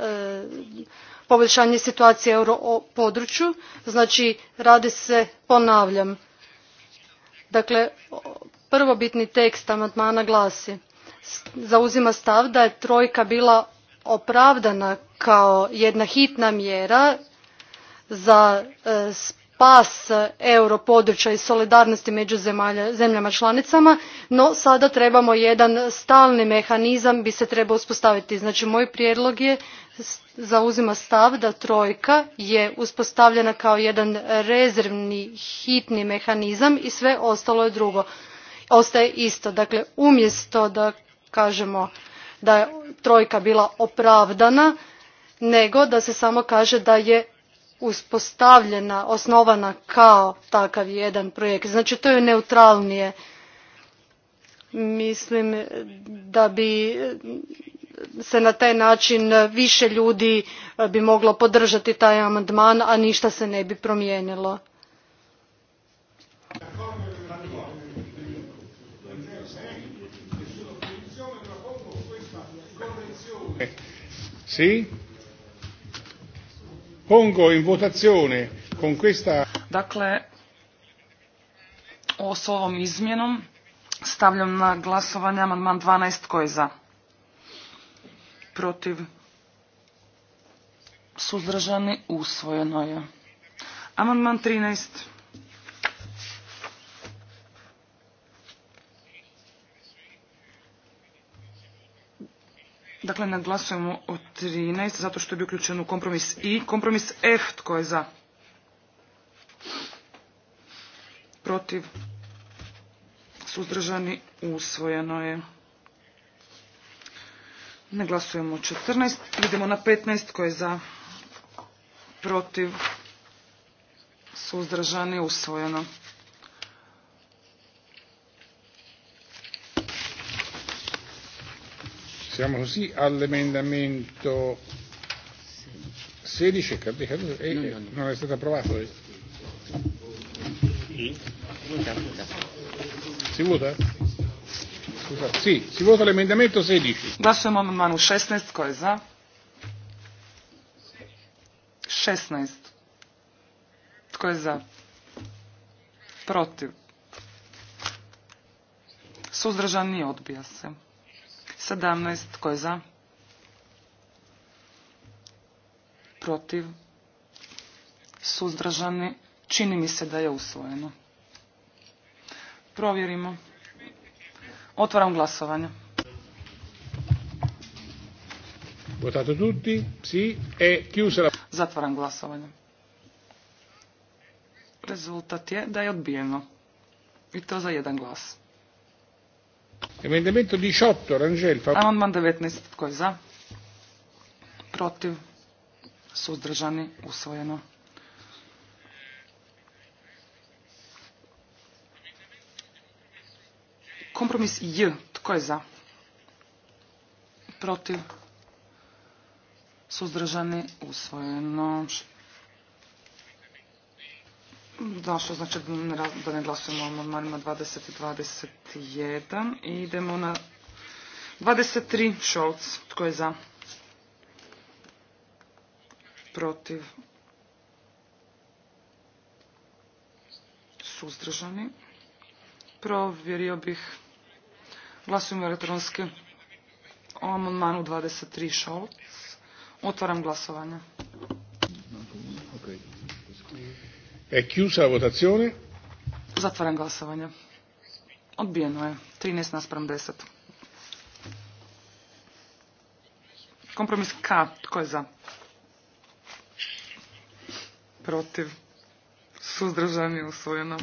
[SPEAKER 2] poboljšanje situacije u euro području. Znači, radi se, ponavljam, dakle, prvobitni tekst amandmana glasi zauzima stav da je trojka bila opravdana kao jedna hitna mjera za e, spas euro i solidarnosti među zemljama članicama, no sada trebamo jedan stalni mehanizam bi se trebao uspostaviti. Znači moj prijedlog je zauzima stav da trojka je uspostavljena kao jedan rezervni hitni mehanizam i sve ostalo je drugo ostaje isto dakle umjesto da kažemo da je trojka bila opravdana nego da se samo kaže da je uspostavljena osnovana kao takav jedan projekt znači to je neutralnije mislim da bi se na taj način više ljudi e, bi moglo podržati taj amandman a ništa se ne bi promijenilo.
[SPEAKER 1] Dakle, o s ovom izmjenom stavljam na glasovanje amandman 12 koji je za protiv, suzdržani, usvojeno je. Amandman 13. Dakle, naglasujemo o 13, zato što je bio uključen u kompromis I. Kompromis F, tko je za? Protiv, suzdržani, usvojeno je. Ne glasujemo 14. Idemo na 15. Ko je za? Protiv? Suzdržani? Usvojeno.
[SPEAKER 2] Siamo così all'emendamento 16 che eh, non è stato approvato. Si vota? sì, si vota l'emendamento 16.
[SPEAKER 1] Glasujemo amandmanu 16, tko je za? 16. Tko je za? Protiv. Suzdržani odbija se. 17. Tko je za? Protiv. Suzdržani. Čini mi se da je usvojeno. Provjerimo. Otvaram glasovanje. E Zatvaram glasovanje. Rezultat je da je odbijeno. I to za jedan glas.
[SPEAKER 2] Emendamento 18, Rangel.
[SPEAKER 1] Amandman 19, tko je za? Protiv? Suzdržani? Usvojeno. Kompromis J. Tko je za? Protiv? Suzdržani? Usvojeno. Da, znači da ne glasujemo o amandmanima 20 i 21. I idemo na 23. Šolc. Tko je za? Protiv? Suzdržani? Provjerio bih Glasujemo elektronski o amandmanu 23 Šolc. Otvaram glasovanje.
[SPEAKER 2] È e, chiusa la votazione.
[SPEAKER 1] Zatvaram glasovanje. Odbijeno je. 13 naspram 10. Kompromis K. Tko je za? Protiv. Suzdržanje usvojeno.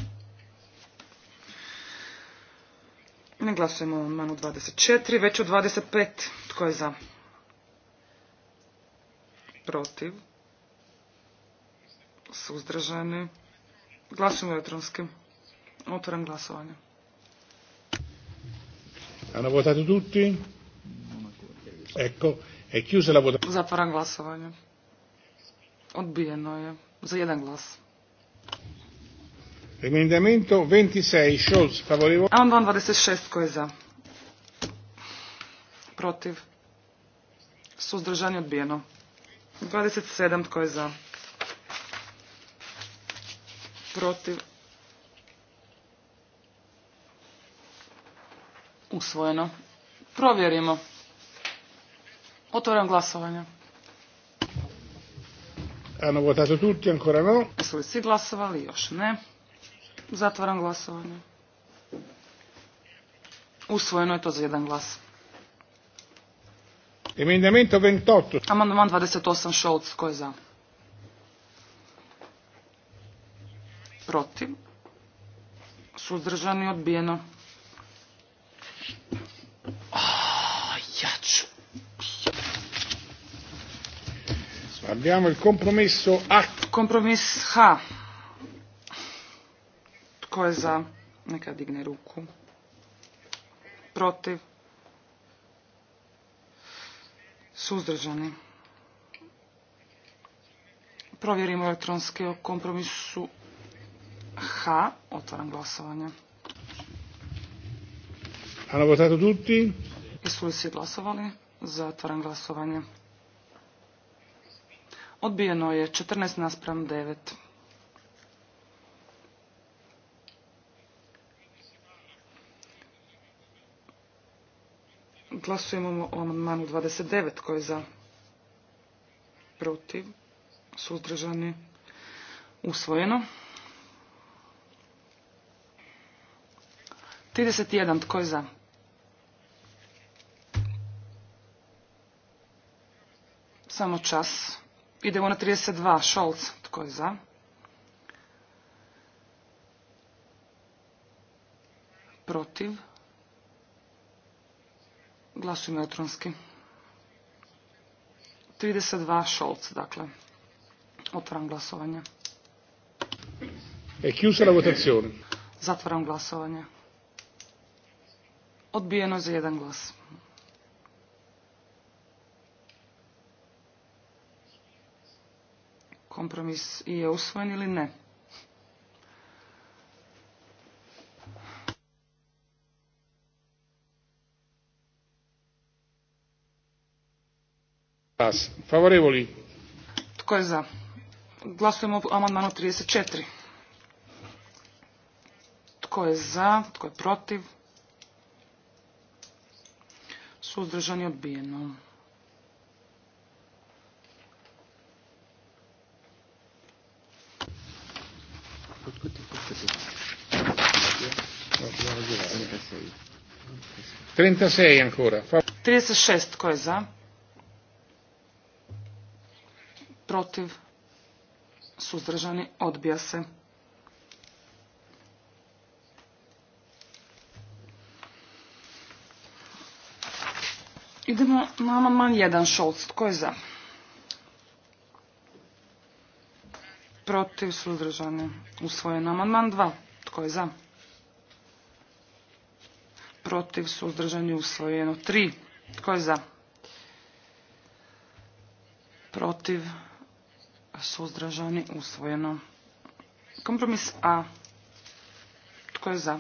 [SPEAKER 1] Ne glasujemo o manu 24, već o 25. Tko je za? Protiv. Suzdržani. Glasujemo elektronskim. Otvoram glasovanje.
[SPEAKER 2] Hanno votato tutti? Ecco, è chiusa la votazione. Zatvoram
[SPEAKER 1] glasovanje. Odbijeno je. Za jedan glas. Emendamento 26, Scholz, favorevole. Amban 26, ko je za? Protiv. Suzdržanje odbijeno. 27, ko je za? Protiv. Usvojeno. Provjerimo. Otvaram glasovanje.
[SPEAKER 2] Hanno votato tutti, ancora no. Jesu li
[SPEAKER 1] svi glasovali? Još ne. Zatvaram glasovanje. Usvojeno je to za jedan glas.
[SPEAKER 2] Emendamento 28.
[SPEAKER 1] Amandman 28 Šolc, ko je za? Protiv. Suzdržani odbijeno. Oh, ja Abbiamo il compromesso A. Kompromis H. Tko je za? Neka digne ruku. Protiv? Suzdržani? Provjerimo elektronski o kompromisu H. Otvaram glasovanje.
[SPEAKER 2] Hanno votato tutti?
[SPEAKER 1] Jesu li svi glasovali? Zatvaram glasovanje. Odbijeno je 14 naspram 9. Glasujemo o amandmanu 29 koji je za protiv suzdržani usvojeno. 31 tko je za? Samo čas. Idemo na 32. Šolc. Tko je za? Protiv. Glasujem elektronski. 32 Šolc, dakle. Otvaram glasovanje.
[SPEAKER 2] E chiusa la votazione.
[SPEAKER 1] Zatvaram glasovanje. Odbijeno za jedan glas. Kompromis je usvojen ili ne? Favorevoli. Tko je za? Glasujemo o amandmanu 34. Tko je za? Tko je protiv? Suzdržan je odbijeno.
[SPEAKER 2] 36. ancora.
[SPEAKER 1] 36. Tko je za? protiv, suzdržani, odbija se. Idemo na amandman 1, Šolc, tko je za? Protiv, suzdržani, usvojen. Amandman 2, tko je za? Protiv, suzdržani, usvojeno. 3, tko je za? Protiv, suzdržani, usvojeno. Kompromis A. Tko je za?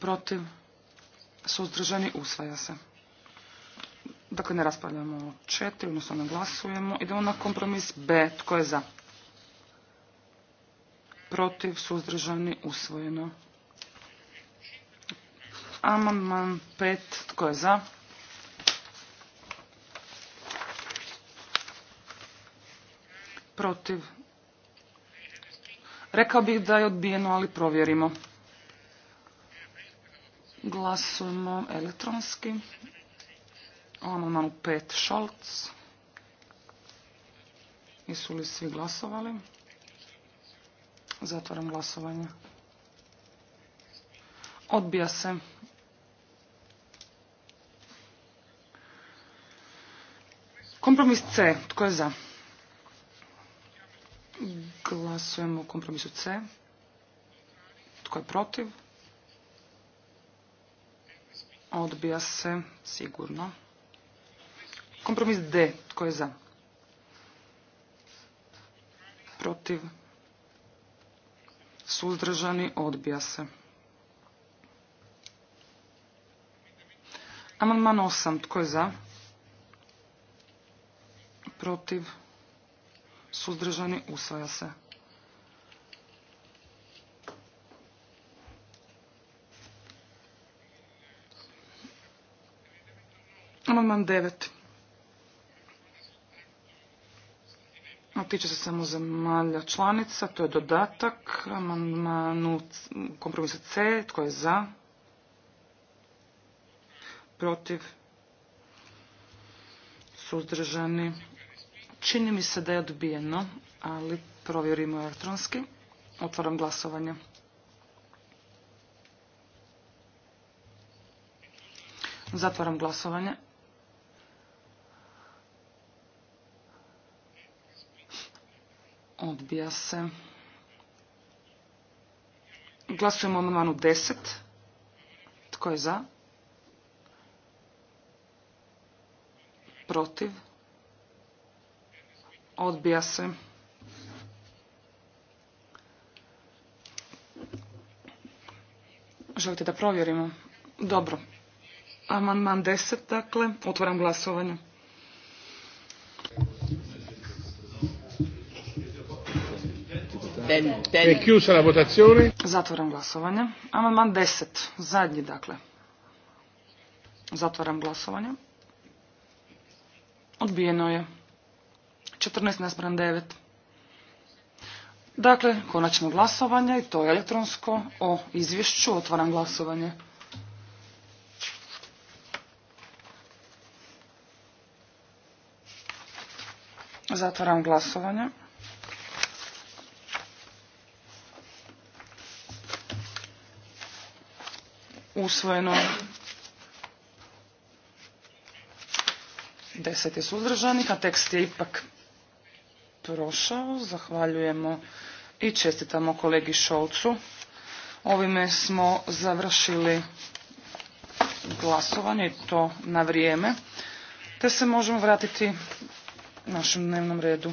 [SPEAKER 1] Protiv, suzdržani, usvaja se. Dakle, ne raspravljamo o četiri, odnosno ne glasujemo. Idemo na kompromis B. Tko je za? Protiv, suzdržani, usvojeno. Amandman pet. Tko je za? Protiv. Rekao bih da je odbijeno, ali provjerimo. Glasujemo elektronski. nam Pet pet Šolc. Nisu li svi glasovali? Zatvaram glasovanje. Odbija se. Kompromis C. Tko je za? Glasujemo kompromisu C. Tko je protiv? Odbija se sigurno. Kompromis D. Tko je za? Protiv? Suzdržani? Odbija se. Amandman 8. Tko je za? Protiv? Suzdržani? Usvaja se. Amandman 9. A tiče se samo zemalja članica, to je dodatak. Amandman kompromisa C, tko je za? Protiv? Suzdržani? Čini mi se da je odbijeno, ali provjerimo elektronski. Otvaram glasovanje. Zatvaram glasovanje. Odbija se. Glasujemo o amandmanu 10. Tko je za? Protiv? Odbija se. Želite da provjerimo? Dobro. Amandman 10, dakle. Otvaram glasovanje. E, Zatvaram glasovanje. Amandman 10. Zadnji, dakle. Zatvaram glasovanje. Odbijeno je. 14 nasprem 9. Dakle, konačno glasovanje i to je elektronsko o izvješću. Otvaram glasovanje. Zatvaram glasovanje. usvojeno. Deset je suzdržanih, a tekst je ipak prošao. Zahvaljujemo i čestitamo kolegi Šolcu. Ovime smo završili glasovanje i to na vrijeme, te se možemo vratiti našem dnevnom redu.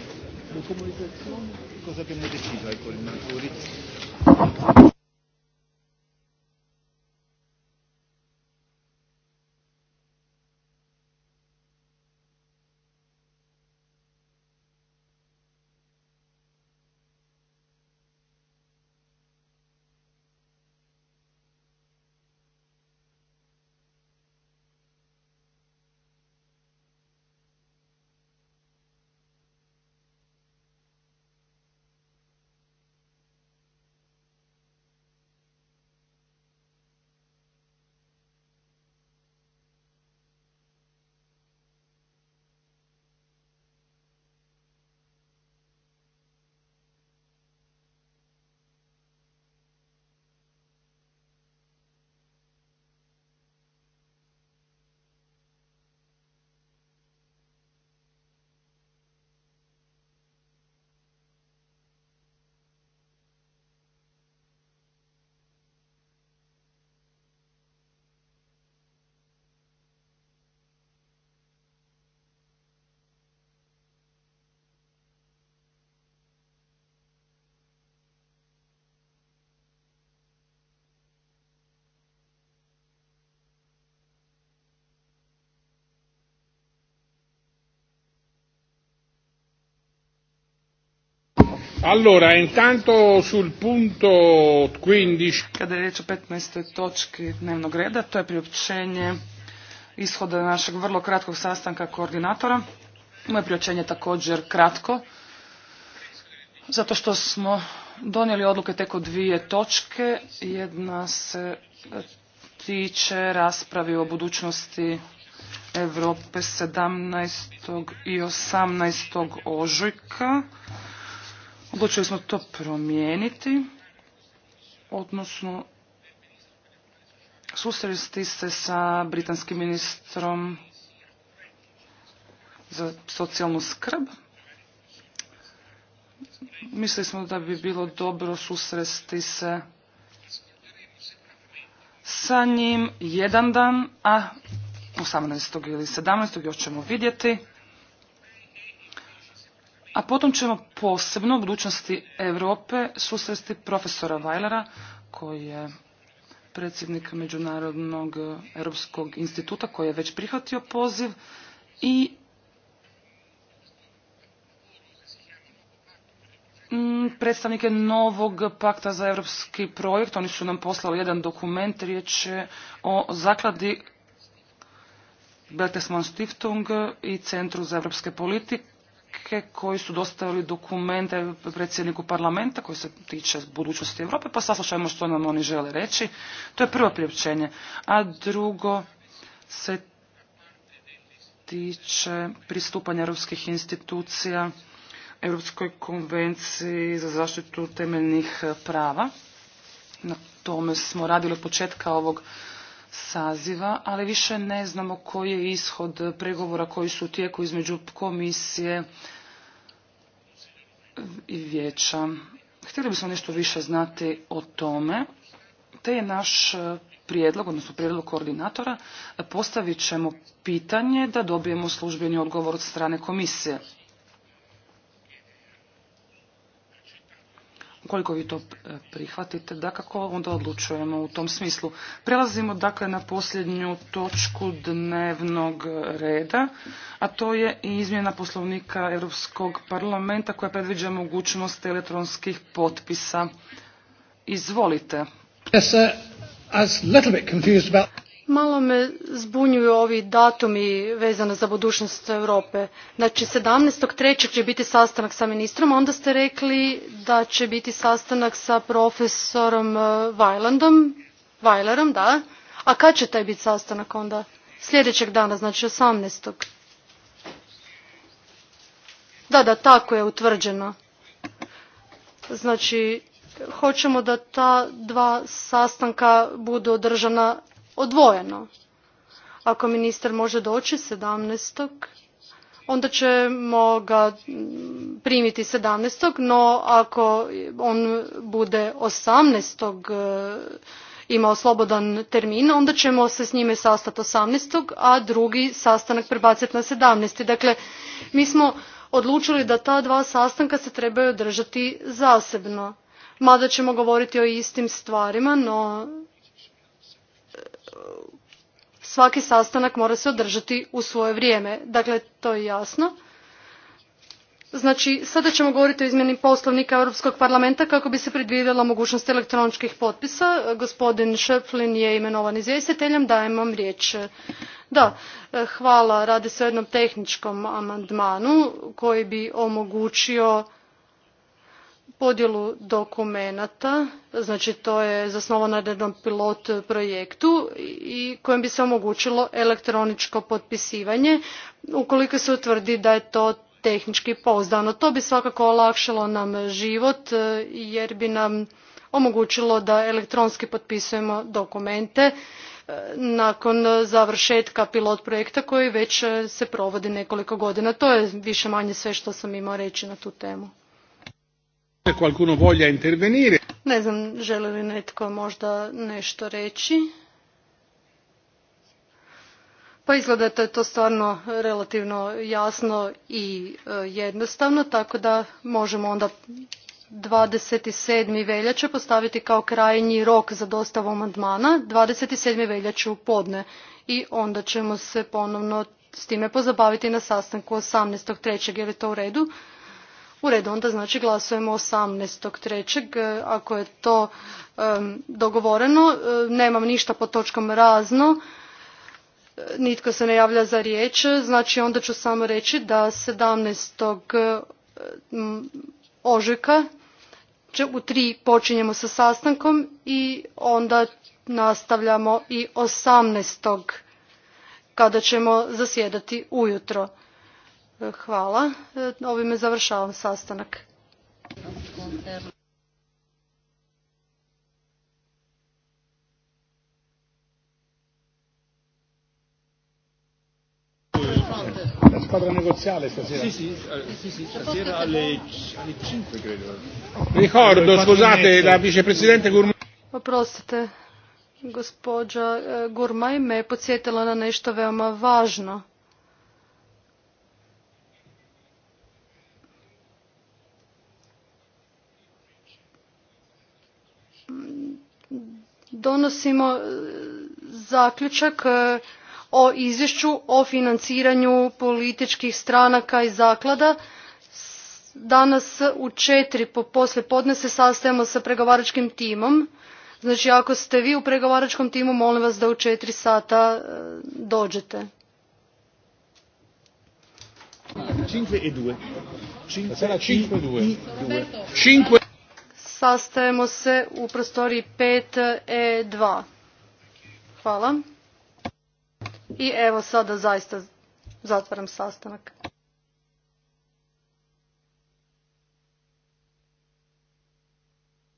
[SPEAKER 3] comoditizzazione, cosa che necessita ecco i mercatori.
[SPEAKER 2] Allora, intanto sul punto 15...
[SPEAKER 1] Kada je riječ o 15. točki dnevnog reda, to je priopćenje ishoda našeg vrlo kratkog sastanka koordinatora. Moje priopćenje je također kratko, zato što smo donijeli odluke tek dvije točke. Jedna se tiče raspravi o budućnosti Europe 17. i 18. ožujka. Odlučili smo to promijeniti, odnosno susresti se sa britanskim ministrom za socijalnu skrb. Mislili smo da bi bilo dobro susresti se sa njim jedan dan, a 18. ili 17. još ćemo vidjeti. A potom ćemo posebno u budućnosti Europe susresti profesora Weilera, koji je predsjednik Međunarodnog europskog instituta koji je već prihvatio poziv i mm, predstavnike novog pakta za europski projekt. Oni su nam poslali jedan dokument, riječ je o zakladi Bertelsmann Stiftung i Centru za europske politike stranke koji su dostavili dokumente predsjedniku parlamenta koji se tiče budućnosti Europe, pa saslušajmo što nam oni žele reći. To je prvo priopćenje. A drugo se tiče pristupanja europskih institucija Europskoj konvenciji za zaštitu temeljnih prava. Na tome smo radili od početka ovog saziva, ali više ne znamo koji je ishod pregovora koji su u tijeku između komisije i vijeća. Htjeli bismo nešto više znati o tome, te je naš e, prijedlog, odnosno prijedlog koordinatora, e, postavit ćemo pitanje da dobijemo službeni odgovor od strane komisije. Koliko vi to e, prihvatite, da kako onda odlučujemo u tom smislu. Prelazimo dakle na posljednju točku dnevnog reda, a to je izmjena poslovnika Europskog parlamenta koja predviđa mogućnost elektronskih potpisa. Izvolite. Yes,
[SPEAKER 2] Malo me zbunjuju ovi datumi vezano za budućnost Europe. Znači, 17.3. će biti sastanak sa ministrom, onda ste rekli da će biti sastanak sa profesorom Weilerom. da. A kad će taj biti sastanak onda? Sljedećeg dana, znači osamnaest. Da, da, tako je utvrđeno. Znači, hoćemo da ta dva sastanka budu održana odvojeno. Ako ministar može doći 17. onda ćemo ga mm, primiti 17. No ako on bude 18. E, imao slobodan termin, onda ćemo se s njime sastati 18. a drugi sastanak prebaciti na 17. Dakle, mi smo odlučili da ta dva sastanka se trebaju održati zasebno. Mada ćemo govoriti o istim stvarima, no svaki sastanak mora se održati u svoje vrijeme. Dakle, to je jasno. Znači, sada ćemo govoriti o izmjeni poslovnika Europskog parlamenta kako bi se predvidjela mogućnost elektroničkih potpisa. Gospodin Šeflin je imenovan izvjestiteljem, dajem vam riječ. Da, hvala, radi se o jednom tehničkom amandmanu koji bi omogućio podjelu dokumenata, znači to je zasnovano na jednom pilot projektu i kojem bi se omogućilo elektroničko potpisivanje ukoliko se utvrdi da je to tehnički pouzdano. To bi svakako olakšalo nam život e, jer bi nam omogućilo da elektronski potpisujemo dokumente e, nakon završetka pilot projekta koji već se provodi nekoliko godina. To je više manje sve što sam imao reći na tu temu. Ne znam, želi li netko možda nešto reći? Pa izgleda da je to stvarno relativno jasno i e, jednostavno, tako da možemo onda 27. veljače postaviti kao krajnji rok za dostavu amandmana, 27. veljače u podne i onda ćemo se ponovno s time pozabaviti na sastanku 18.3. jer je to u redu. U redu, onda znači glasujemo 18.3. E, ako je to e, dogovoreno, e, nemam ništa pod točkom razno, nitko se ne javlja za riječ, znači onda ću samo reći da sedamnaest ožujka u tri počinjemo sa sastankom i onda nastavljamo i osamnaest kada ćemo zasjedati ujutro. Hvala. E, ovime završavam sastanak.
[SPEAKER 1] La squadra negoziale stasera? Sì, sì, eh,
[SPEAKER 2] sì, sì stasera alle, alle 5 credo. Ricordo, scusate, eh, la vicepresidente Gourmay. Oprostite, gospođa eh, Gourmay me je podsjetila na nešto veoma važno. donosimo e, zaključak e, o izvješću o financiranju političkih stranaka i zaklada. Danas u četiri podne se sastajemo sa pregovaračkim timom. Znači ako ste vi u pregovaračkom timu molim vas da u četiri sata e, dođete. Cinque e due. Cinque, Cinque. Sastajemo se u prostoriji 5E2. E, Hvala. I evo sada zaista zatvaram sastanak.